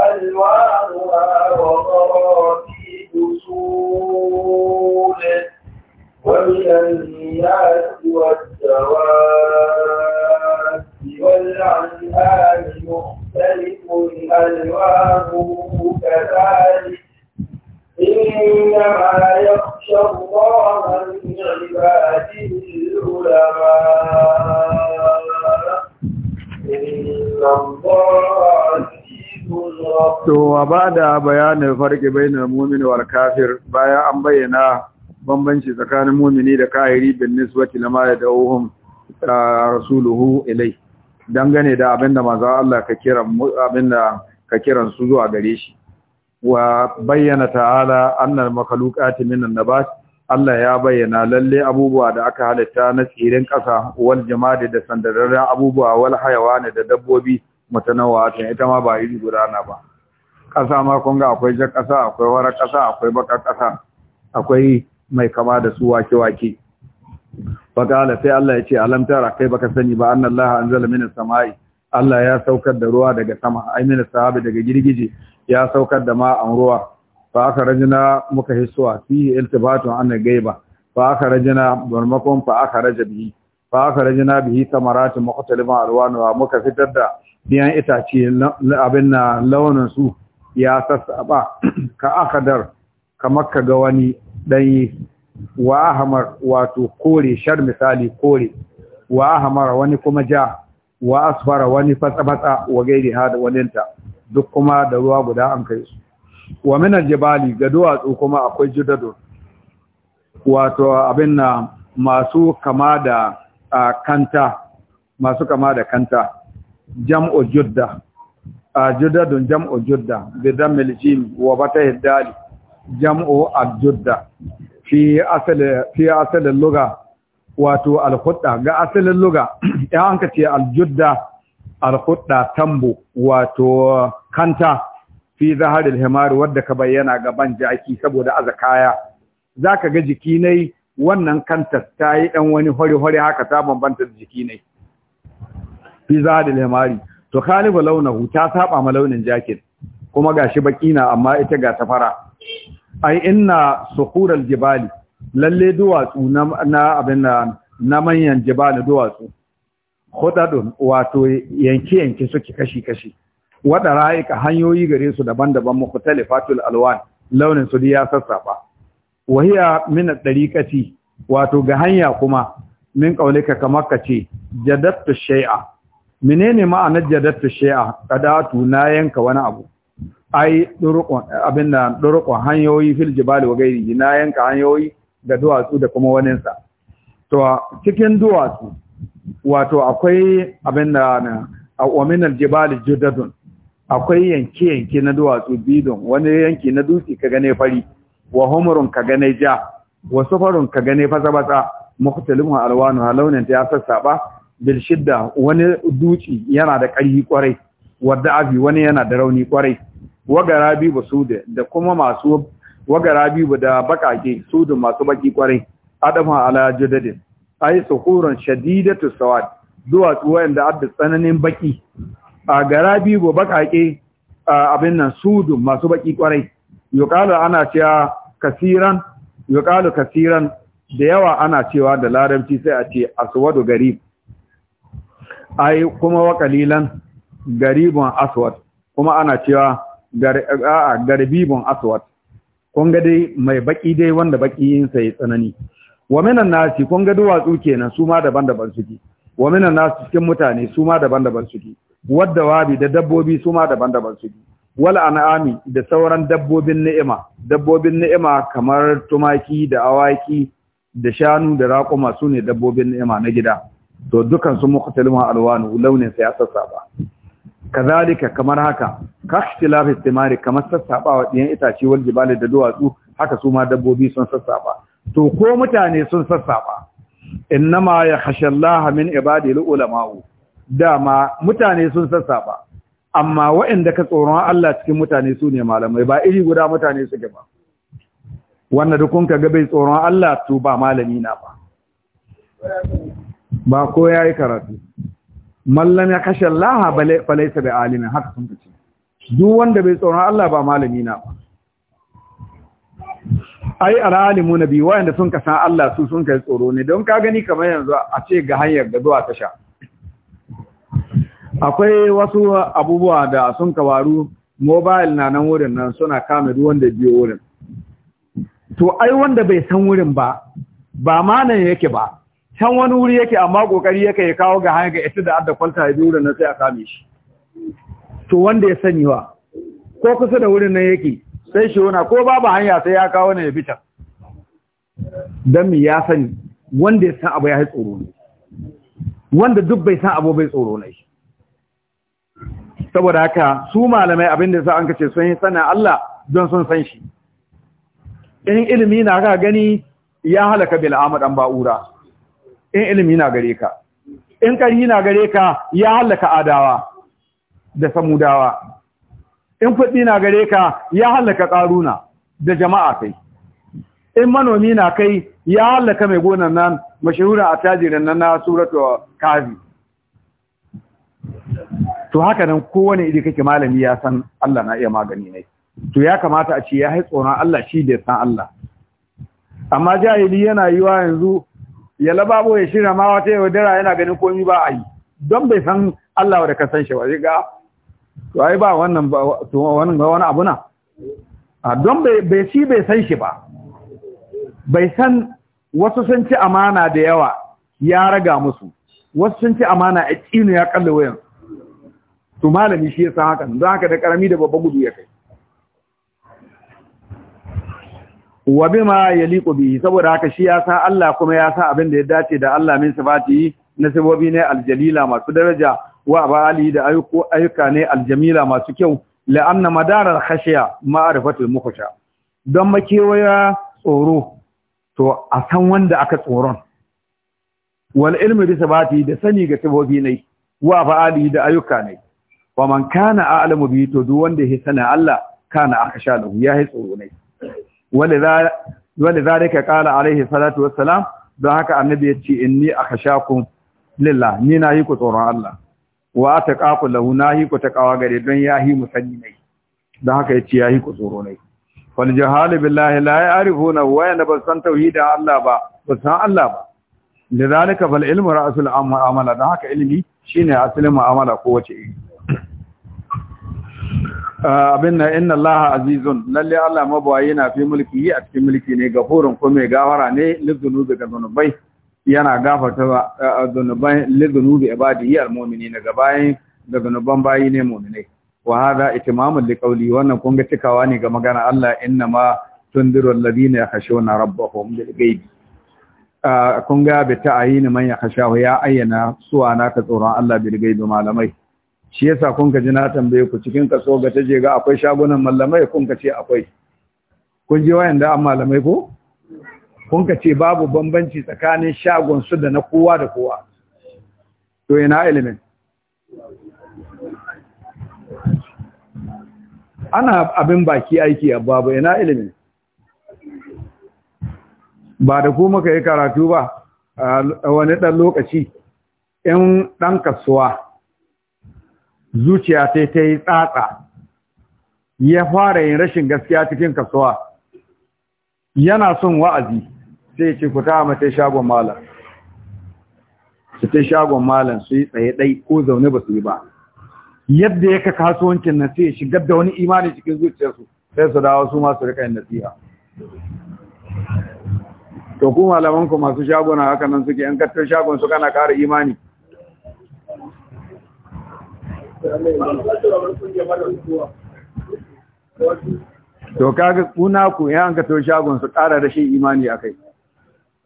ألوانها وغرابيب سود ومن الناس والدواب والعنآن مختلف ألوانه كذلك To a ba da bayanin farki na mumini wa kafir bayan an bayyana bambanci tsakanin mumini da kahiri bin na lama da ohun rasuluhu ilai, dangane da abinda maza Allah ka kiran su zuwa gare shi. wa bayyana ta'ala annal makhluqati minan nabat Allah ya bayyana lalle abubuwa da aka halitta na tsirin kasa, wal jama'a da sandararren abubuwa wal hayawana da dabbobi mutanawa ta ita ma ba iri guda na ba ƙasa ma kun ga akwai jar akwai warar akwai bakar ƙasa akwai mai kama da su wake-wake faƙala sai Allah ya ce alam tara kai baka sani ba annallaha anzala minas sama'i Allah ya saukar da ruwa daga sama ai minas sahabi daga girgije ya saukar da ma'an ruwa fa aka rajina muka hisuwa fi iltifatun an gaiba fa aka rajina barmakon fa aka raja bihi fa aka rajina bihi tamaratun mukhtalifan wa muka fitar da biyan itace abin na launin su ya sassaba ka aka kamar ka ga wani danyi wa ahmar wato kore shar misali kore wa ahmar wani kuma ja wa asfara wani fatsa wa gairi ha da ta duk kuma da ruwa guda an kai su wa minan jibali ga duwatsu kuma akwai jidadu wato abin na masu kama da kanta masu kama da kanta jam'u judda judadun jam'u judda bidan miljim wa bata hiddali jam'u al-judda fi asali fi asalin luga wato al-hudda ga asalin luga ya an ka ce al-judda al-hudda tambo wato kanta fi zaharil himar wadda ka bayyana gaban jaki saboda aza kaya zaka ga jiki nai wannan kanta ta yi dan wani hori-hori haka ta bambanta da jiki nai fi zaharil himari to khalifu launahu ta saba ma launin jakin kuma gashi baki na amma ita ga safara ai inna suhural jibali lalle duwatsu na abin na manyan jibali duwatsu hudadun wato yanke-yanke suke kashi-kashi Waɗa ra'ika hanyoyi gare su daban-daban mukhtalifatul alwan launin su ya sassafa wa hiya min at wato ga hanya kuma min qaulika kamar ka kace jadadtu shay'a menene ma'anar shai'a? shay'a datu na yanka wani abu ai durqon abinda durqon hanyoyi fil jibali wa gairi na yanka hanyoyi da duwatsu da kuma waninsa to cikin duwatsu wato akwai abinda na wa min jibali jadadun akwai yanke-yanke na duwatsu bidon wani yanki na dutse ka gane fari wa humurun ka gane ja wa sufarun ka gane fasa-fasa alwanu launin ta ya sassaba bil shidda wani dutse yana da ƙarfi kwarai wadda abi wani yana da rauni kwarai Wa bibu su da kuma masu da bakake su masu baki kwarai adama ala jadadin ai sukurun shadidatu sawad duwatsu wanda adda tsananin baki a gara garabi bakaƙe a abin nan sudu masu baki kwarai yuqalu ana cewa kasiran yuqalu kasiran da yawa ana cewa da larabci sai a ce aswadu garib ai kuma wa qalilan garibun aswad kuma ana cewa garibun aswad kun ga dai mai baki dai wanda baki yin sai tsanani wa minan nasi kun ga duwatsu kenan su ma daban-daban suke wa minan nasi cikin mutane su ma daban-daban suke wadda wabi da dabbobi su ma daban-daban su wal an'ami da sauran dabbobin ni'ima dabbobin ni'ima kamar tumaki da awaki da shanu da raƙuma su ne dabbobin ni'ima na gida to dukan su ma alwanu launin sa ya sassaba kazalika kamar haka kashtilaf istimari kamar sassabawa ɗiyan itace wal jibali da duwatsu haka su ma dabbobi sun sassaba to ko mutane sun sassaba innama ya khashallaha min ibadi ulama'u dama mutane sun sassaba amma waɗanda ka tsoron Allah cikin mutane su ne malamai ba iri guda mutane suke ba wanda dukun ka ga bai tsoron Allah to ba malami na ba ba ko yayi karatu mallam ya kashe Allah falaisa bi alimin haka sun kace duk wanda bai tsoron Allah ba malami na ba ai al'alimu nabi wanda sun ka san Allah su sun kai tsoro ne don ka gani kamar yanzu a ce ga hanyar da zuwa tasha akwai wasu abubuwa da sun kawaru mobile na nan wurin nan suna kame duk wanda biyo wurin to ai wanda bai san wurin ba ba ma nan yake ba can wani wuri yake amma kokari yake ya kawo ga hanya ita da adda kwalta ya biyo wurin nan sai a kame shi to wanda ya sani wa ko kusa da wurin nan yake sai shi wana ko babu hanya sai ya kawo ne ya fita dan mi ya sani wanda ya san abu ya yi tsoro ne wanda duk bai san abu bai tsoro ne saboda haka su malamai abin da sa an kace sun yi sana Allah don sun san shi in ilimi na ka gani ya halaka bil amadan ba'ura in ilimi na gare ka in kari na gare ka ya halaka adawa da samudawa in kuɗi na gare ka ya halaka ƙaruna da jama'a kai in manomi na kai ya halaka mai gonan nan mashahurin attajirin nan na suratu kazi to haka nan kowane iri kake malami ya san Allah na iya magani ne to ya kamata a ce ya hai tsoron Allah shi da san Allah amma jahili yana yiwa yanzu ya lababo ya shirya ma wata yau dara yana ganin komi ba a yi don bai san Allah da ka san shi ba ga to ai ba wannan ba wannan wani abu na a don bai shi bai san shi ba bai san wasu sun ci amana da yawa ya raga musu wasu sun ci amana a tsinu ya kalle wayansu to malami shi yasa haka hakan haka da karami da babba gudu ya kai wa bima yaliqu bi saboda haka shi yasa Allah kuma yasa abin da ya dace da Allah min sifati na sabobi ne aljalila masu daraja wa abali da ayyuka ne aljamila masu kyau la'anna madarar khashiya al mukhsha don makewaya tsoro to a san wanda aka tsoron wal ilmi bi sabati da sani ga sabobi ne wa fa'ali da ayyuka ne wa man kana a'lamu bi to duk wanda ya sani Allah kana akhsha lahu ya tsoro ne walidha walidhalika qala alaihi salatu wassalam don haka annabi ya ce inni akhshakum lillah ni na yi ku tsoron Allah wa ataqaku lahu na yi ku taqawa gare don ya yi musanni ne don haka ya ce ya yi ku tsoro ne wal jahal billahi la ya'rifuna wa yana ba san tauhida Allah ba ba san Allah ba lidhalika fal ilmu ra'sul amala don haka ilimi shine asalin mu'amala ko wace iri Ah, abin na inna allaha azizun lalle allah mabawayi yana fi mulki a cikin mulki ne ga ko mai gawara ne lizunubi ga zunubai yana gafarta ah, zunubai lizunubi ibadihi ga bayan da zunuban bayi ne mu'minai wa hada itimamun da wannan kunga cikawa ne ga magana allah inna ma tundiru alladhina yakhshawna rabbahum bil ah, kun ga bi ta'ayini man ya ayyana suwana ka tsoron allah bil malamai shi yasa kun ka ji na tambaye ku cikin kaso ga taje ga akwai shagunan mallamai kun ka ce akwai kun ji wayanda an malamai ko kun ka ce babu bambanci tsakanin shagon su da na kowa da kowa to ina ilimin ana abin baki aiki a babu ina ilimin ba da ku muka yi karatu ba a wani ɗan lokaci in ɗan kasuwa zuciya sai ta yi tsatsa ya fara yin rashin gaskiya cikin kasuwa yana son wa'azi sai ce ku ta shagon malam su ta shagon malam su yi tsaye ɗai ko zaune ba su yi ba yadda ya ka kasuwancin na sai shigar da wani imani cikin zuciyarsu sai su dawo su masu rika yin nasiha to ku malamanku masu shagona haka nan suke yan kattar shagon su kana ƙara imani to kaga kuna ku ya an ka to shagon su ƙara rashin imani akai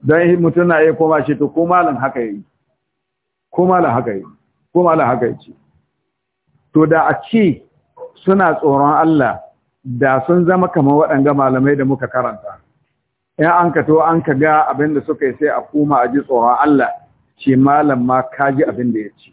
dan mutum na yi koma shi to ko malam haka yi ko malam haka yi ko malam haka yi to da a ce suna tsoron Allah da sun zama kamar waɗanga malamai da muka karanta Ya an ka to an ka ga abin da suka yi sai a koma a ji tsoron Allah ce malam ma kaji ji abin da ya ce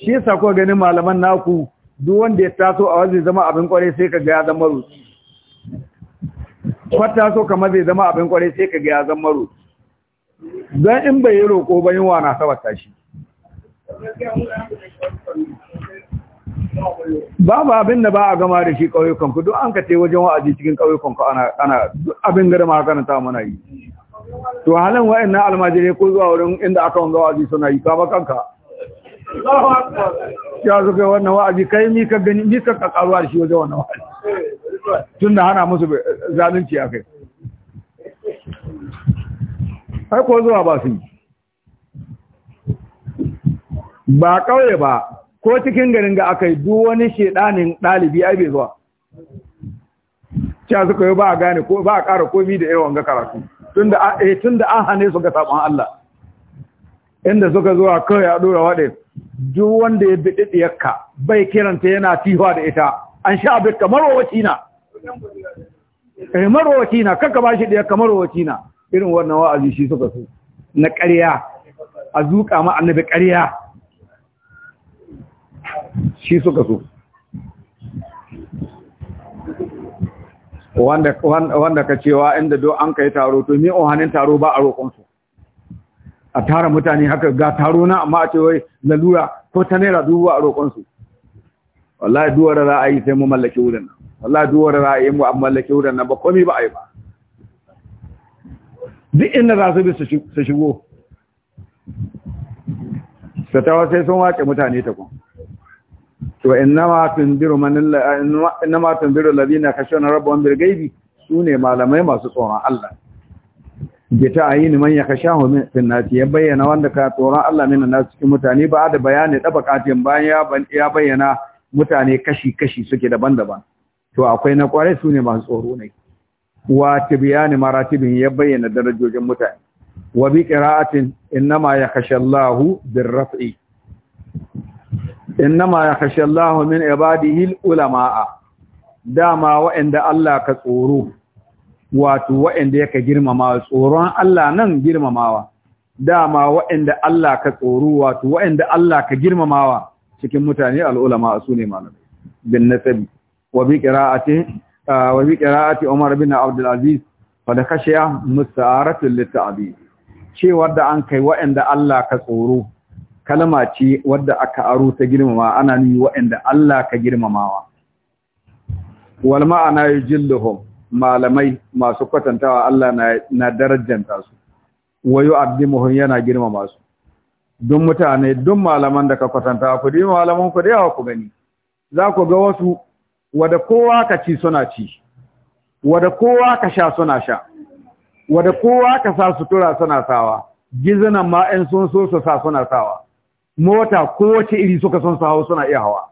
shi yasa ko ganin malaman naku duk wanda ya taso a waje zama abin kware sai ka ga ya zama ruci kwata so kamar zai zama abin kware sai ka ga ya zama ruci don in bai yi roƙo ba yunwa na sabata shi Ba abin da ba a gama da shi ƙauyukanku duk an ka te wajen wa'azi cikin ƙauyukanku ana ana abin gare ma ta mana yi to halin wa'annan na almajirai ko zuwa wurin inda aka wanzu wa'azi suna yi kama kanka ya zo kai wannan wa'azi kai ni ka gani ni ka kakaruwa da shi wajen wannan wa'azi tun da hana musu zalunci a kai ai ko zuwa ba su ba kauye ba ko cikin garin ga akai duk wani shedanin ɗalibi ai bai zuwa ya suka yi ba a gane ko ba a ƙara komi da yawan ga karatu tunda eh tunda an hane su ga sabon Allah inda suka zuwa kai a dora wadai duk wanda ya bi ɗiɗiyarka bai kiranta yana tihuwa da ita an sha abin kamar wawaci na eh wawaci na kaka ba shi kamar wawaci na irin wannan wa'azi shi suka su, na ƙarya a zuƙa ma annabi ƙarya shi suka su. wanda ka cewa inda do an kai taro to ni ohanin taro ba a roƙonsu a tara mutane haka ga taro na amma a ce wai lalura ko ta naira dubu a roƙonsu wallahi duwar da za a yi sai mu mallake wurin nan wallahi duwar da za a yi mu mallake wurin nan ba komai ba a yi ba duk inda za su bi su shigo satawa sai sun wace mutane ta kun to innama tundiru man innama tundiru ladina khashana rabbahum Birgaibi? sune malamai masu tsoron Allah gita a yin man ya kasha homin sinnati ya bayyana wanda ka tsoron Allah mina na cikin mutane ba da bayani ɗabakatin bayan ya bayyana mutane kashi-kashi suke daban-daban to akwai na kwarai su ne masu tsoro ne wa tibiyani maratibin ya bayyana darajojin mutane wa bi qira'atin innama yakhsha Allahu birraf'i innama yakhsha Allahu min ibadihi ulama'a dama wa'anda Allah ka tsoro wato waɗanda yaka girmamawa tsoron Allah nan girmamawa dama waɗanda Allah ka tsoro wato waɗanda Allah ka girmamawa cikin mutane al'ulama su ne malamai bin nasabi wa bi qira'ati wa bi qira'ati Umar bin Abdul Aziz fa da kashiya musta'aratu lit-ta'bi cewa da an kai waɗanda Allah ka tsoro kalma ce wadda aka aro ta girmama ana ni waɗanda Allah ka girmamawa wal ma'ana yujilluhum malamai masu kwatantawa Allah na darajanta su wayo abdimuhun yana girmama su Dun mutane dun malaman da ka kwatanta ku di malaman ku da yawa ku gani za ku ga wasu wada kowa ka ci suna ci wada kowa ka sha suna sha wada kowa ka sa sutura suna sawa gizinan ma ɗan sun so su sa suna sawa mota kowace iri suka son su hau suna iya hawa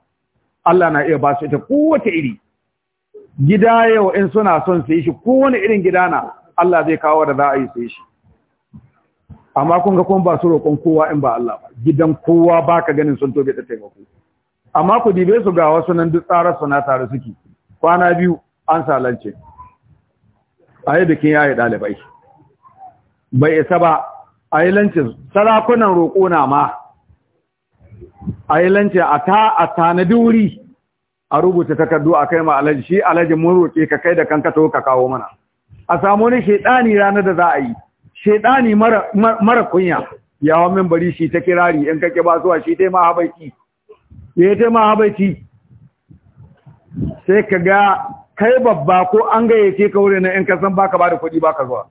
Allah na iya ba su ita kowace iri gida yau in suna son su yi shi kowane irin gida na Allah zai kawo da za a yi su yi shi amma kun ga kun ba su roƙon kowa in ba Allah ba gidan kowa ba ka ganin sun tobe da taimako amma ku dibe su ga wasu nan duk tsara su na tare suke kwana biyu an salance a yi bikin yaye ɗalibai bai isa ba a yi lancin sarakunan roƙo na ma a yi lancin a tanadi wuri a rubuta takardu a kai ma alaji shi alaji mun roƙe ka kai da kanka to ka kawo mana a samu ne shedani ranar da za a yi shedani mara mara kunya yawa min bari shi ta kirari in kake ba zuwa shi dai ma habaiti ya dai ma habaiti sai ka ga kai babba ko an gayyace ka na in ka san baka ba da kuɗi baka zuwa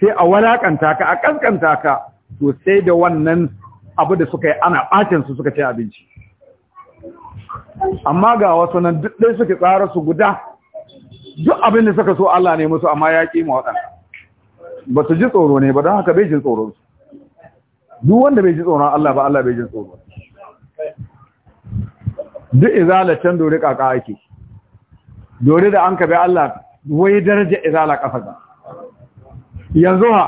sai a walakanta ka a kaskanta ka to sai da wannan abu da suka yi ana bacin su suka ci abinci amma ga wasu nan duk ɗai suke tsara su guda duk abin da suka so Allah ne musu amma ya ƙi ma ba su ji tsoro ne ba don haka bai jin tsoro duk wanda bai ji tsoro Allah ba Allah bai jin tsoro duk izala can dori kaka ake dori da an ka bai Allah wai daraja izala kafa ga yanzu ha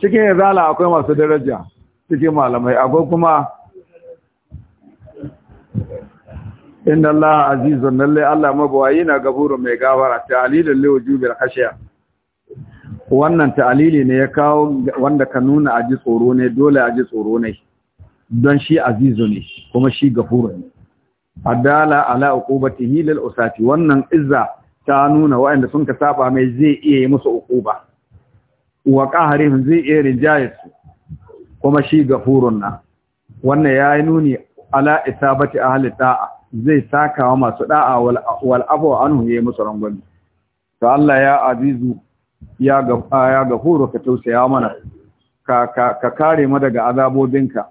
cikin izala akwai masu daraja cikin malamai akwai kuma inna allaha azizun lalle allah mabawayi na gafurun mai gafara ta'alilul liwujubil khashiya wannan ta'alili ne ya kawo wanda ka nuna a ji tsoro ne dole a ji tsoro ne don shi azizu ne kuma shi gafuru ne adala ala uqubatihi lil usati wannan izza ta nuna waɗanda sun ka saba mai zai iya yi musu uquba wa qahrihim zai iya rijaye su kuma shi gafurun na wannan yayi nuni ala isabati ahli ta'a zai sakawa masu da'a wal abu anhu yayi musu rangwami to Allah ya azizu ya ga ya huru ka tausaya mana ka ka kare mu daga ka.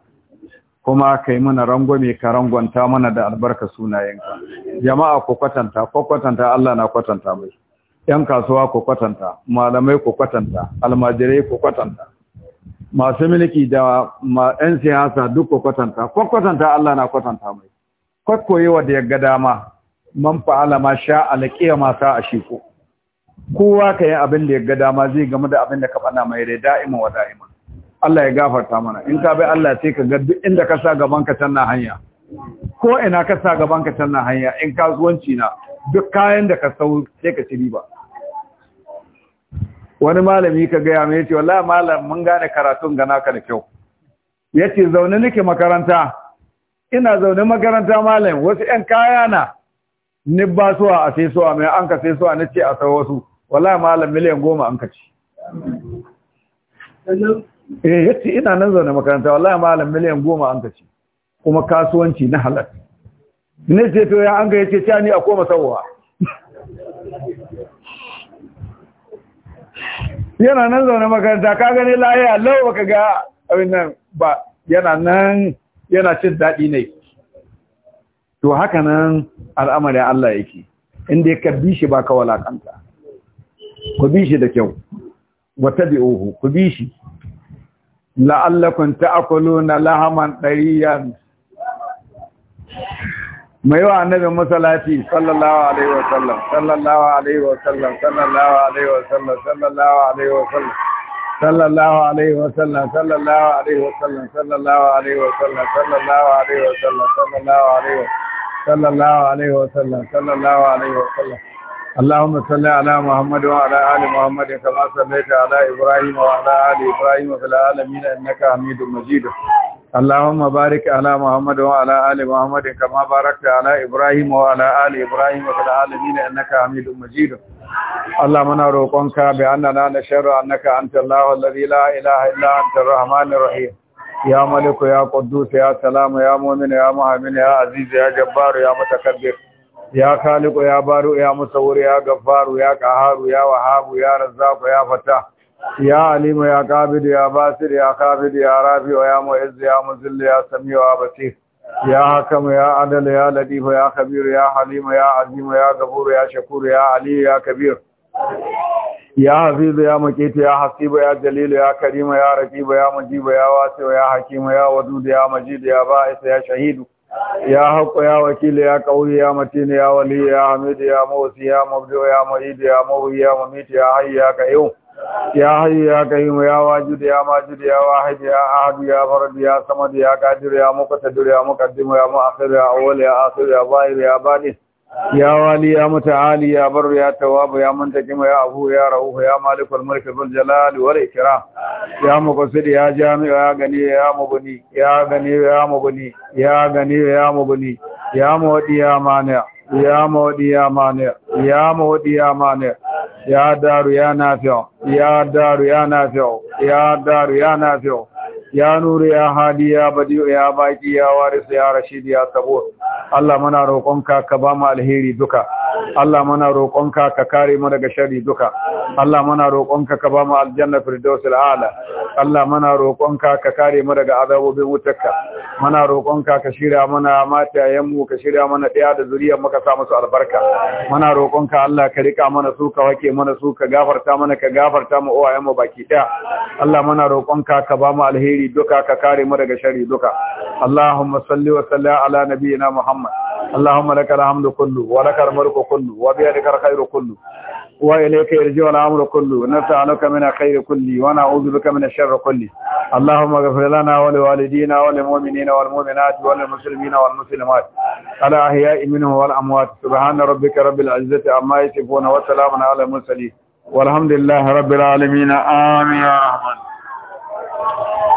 kuma kai mana rangwame ka rangwanta mana da albarka sunayenka jama'a ku kwatanta ku kwatanta Allah na kwatanta mai yan kasuwa ku kwatanta malamai ku kwatanta almajirai ku kwatanta masu miliki da ma'an siyasa duk ku kwatanta ku kwatanta Allah na kwatanta mai wa da yaga dama man fa'ala ma sha alaqiya ma sa ashiku kowa ka yi abin da yaga dama zai game da abin da ka fada mai rai da'ima wa da'ima Allah ya gafarta mana in ka bai Allah sai ka ga duk inda ka sa gaban ka canna hanya ko ina ka sa gaban ka canna hanya in ka zuwanci na duk kayan da ka sau sai ka ci riba wani malami ka gaya mai ce, wallahi malam mun gane karatun ga naka da kyau yace zaune nake makaranta ina zaune makaranta malam wasu ƴan kaya na ni ba su a sai a mai an ka sai suwa ni ce a sau wasu wallahi malam miliyan goma an ka ci eh yace ina nan zaune makaranta wallahi malam miliyan goma an ka ci kuma kasuwanci na halal ne ce to ya an ga yace ta ni a koma sauwa yana nan zaune makaranta ka gani lahiya lawa ka ga abin nan ba yana nan yana cin daɗi ne to haka nan al'amarin Allah yake inda ka kabi shi ba ka walakanta ku bi shi da kyau wata ohu, ku bi shi la'allakun na lahaman ɗari yan, mai wa annabin masalati sallallahu alaihi wasallam sallallahu alaihi wasallam sallallahu alaihi wasallam sallallahu alaihi wasallam صلى الله عليه وسلم صلى الله عليه وسلم صلى الله عليه وسلم صلى الله عليه وسلم صلى الله عليه صلى الله عليه وسلم صلى الله عليه وسلم اللهم صل على محمد وعلى ال محمد كما صليت على ابراهيم وعلى ال ابراهيم في العالمين انك حميد مجيد اللهم بارك على محمد وعلى آل محمد كما باركت على إبراهيم وعلى آل إبراهيم وفي العالمين إنك حميد مجيد اللهم نروقنك بأننا نشر أنك أنت الله الذي لا إله إلا أنت الرحمن الرحيم يا ملك يا قدوس يا سلام يا مؤمن يا مؤمن يا عزيز يا جبار يا متكبر يا خالق يا بارئ يا مصور يا غفار يا قهار يا وهاب يا رزاق يا فتاح يا عليم يا قابل يا باسر يا قابل يا رافع يا معز يا مذل يا سميع يا بصير يا حكم يا عدل يا لطيف يا خبير يا حليم يا عظيم يا غفور يا شكور يا علي يا كبير يا عزيز يا مقيت يا حسيب يا جليل يا كريم يا رقيب يا مجيب يا واسع يا حكيم يا ودود يا مجيد يا باعث يا شهيد يا حق يا وكيل يا قوي يا متين يا ولي يا حميد يا موسي يا مبدع يا معيد يا مغي يا مميت يا حي يا قيوم ya hayyu ya mu. ya wajid ya majid ya wahid ya ahad ya farad ya samad ya qadir ya muka muqtadir ya muqaddim ya muakhir ya awwal ya akhir ya zahir ya batin ya wali ya mutaali ya bar ya tawwab ya muntakim ya abu ya rauf ya malikul mulk wal jalal wal ikram ya muqsid ya jami ya gani ya mubni ya gani ya mubni ya gani ya mubni ya mudi ya mani يا مودي يا مانع يا مودي يا مانع يا دار يا نافع يا دار يا نافع يا دار يا نافع ya nuru ya hadi ya badiyo ya baki ya warisu ya rashidi ya sabo Allah muna roƙonka ka ba mu alheri duka Allah muna roƙonka ka kare mu daga sharri duka Allah muna roƙonka ka ba mu aljanna firdausul a'la Allah muna roƙonka ka kare mu daga azabobin wutarka muna roƙonka ka shirya mana matayen mu ka shirya mana ɗaya da zuriyar mu ka sa musu albarka muna roƙonka Allah ka rika mana su ka wake mana su ka gafarta mana ka gafarta mu uwayen mu baki ɗaya Allah muna roƙonka ka ba mu alheri duka ka kare mu daga shari duka Allahumma salli wa sallim ala nabiyyina Muhammad Allahumma lakal hamdu kullu wa lakal mulku kullu wa bi yadika kullu wa ilayka yarji'u al-amru kullu nas'aluka min khayri kulli wa na'udhu bika min sharri kulli Allahumma ighfir lana wa wa lil mu'minina wal wa lil muslimina wal muslimat ahya'i minhum wal amwat subhana rabbika rabbil izzati amma yasifun wa salamun ala mursalin والحمد لله رب العالمين آمين يا رحمن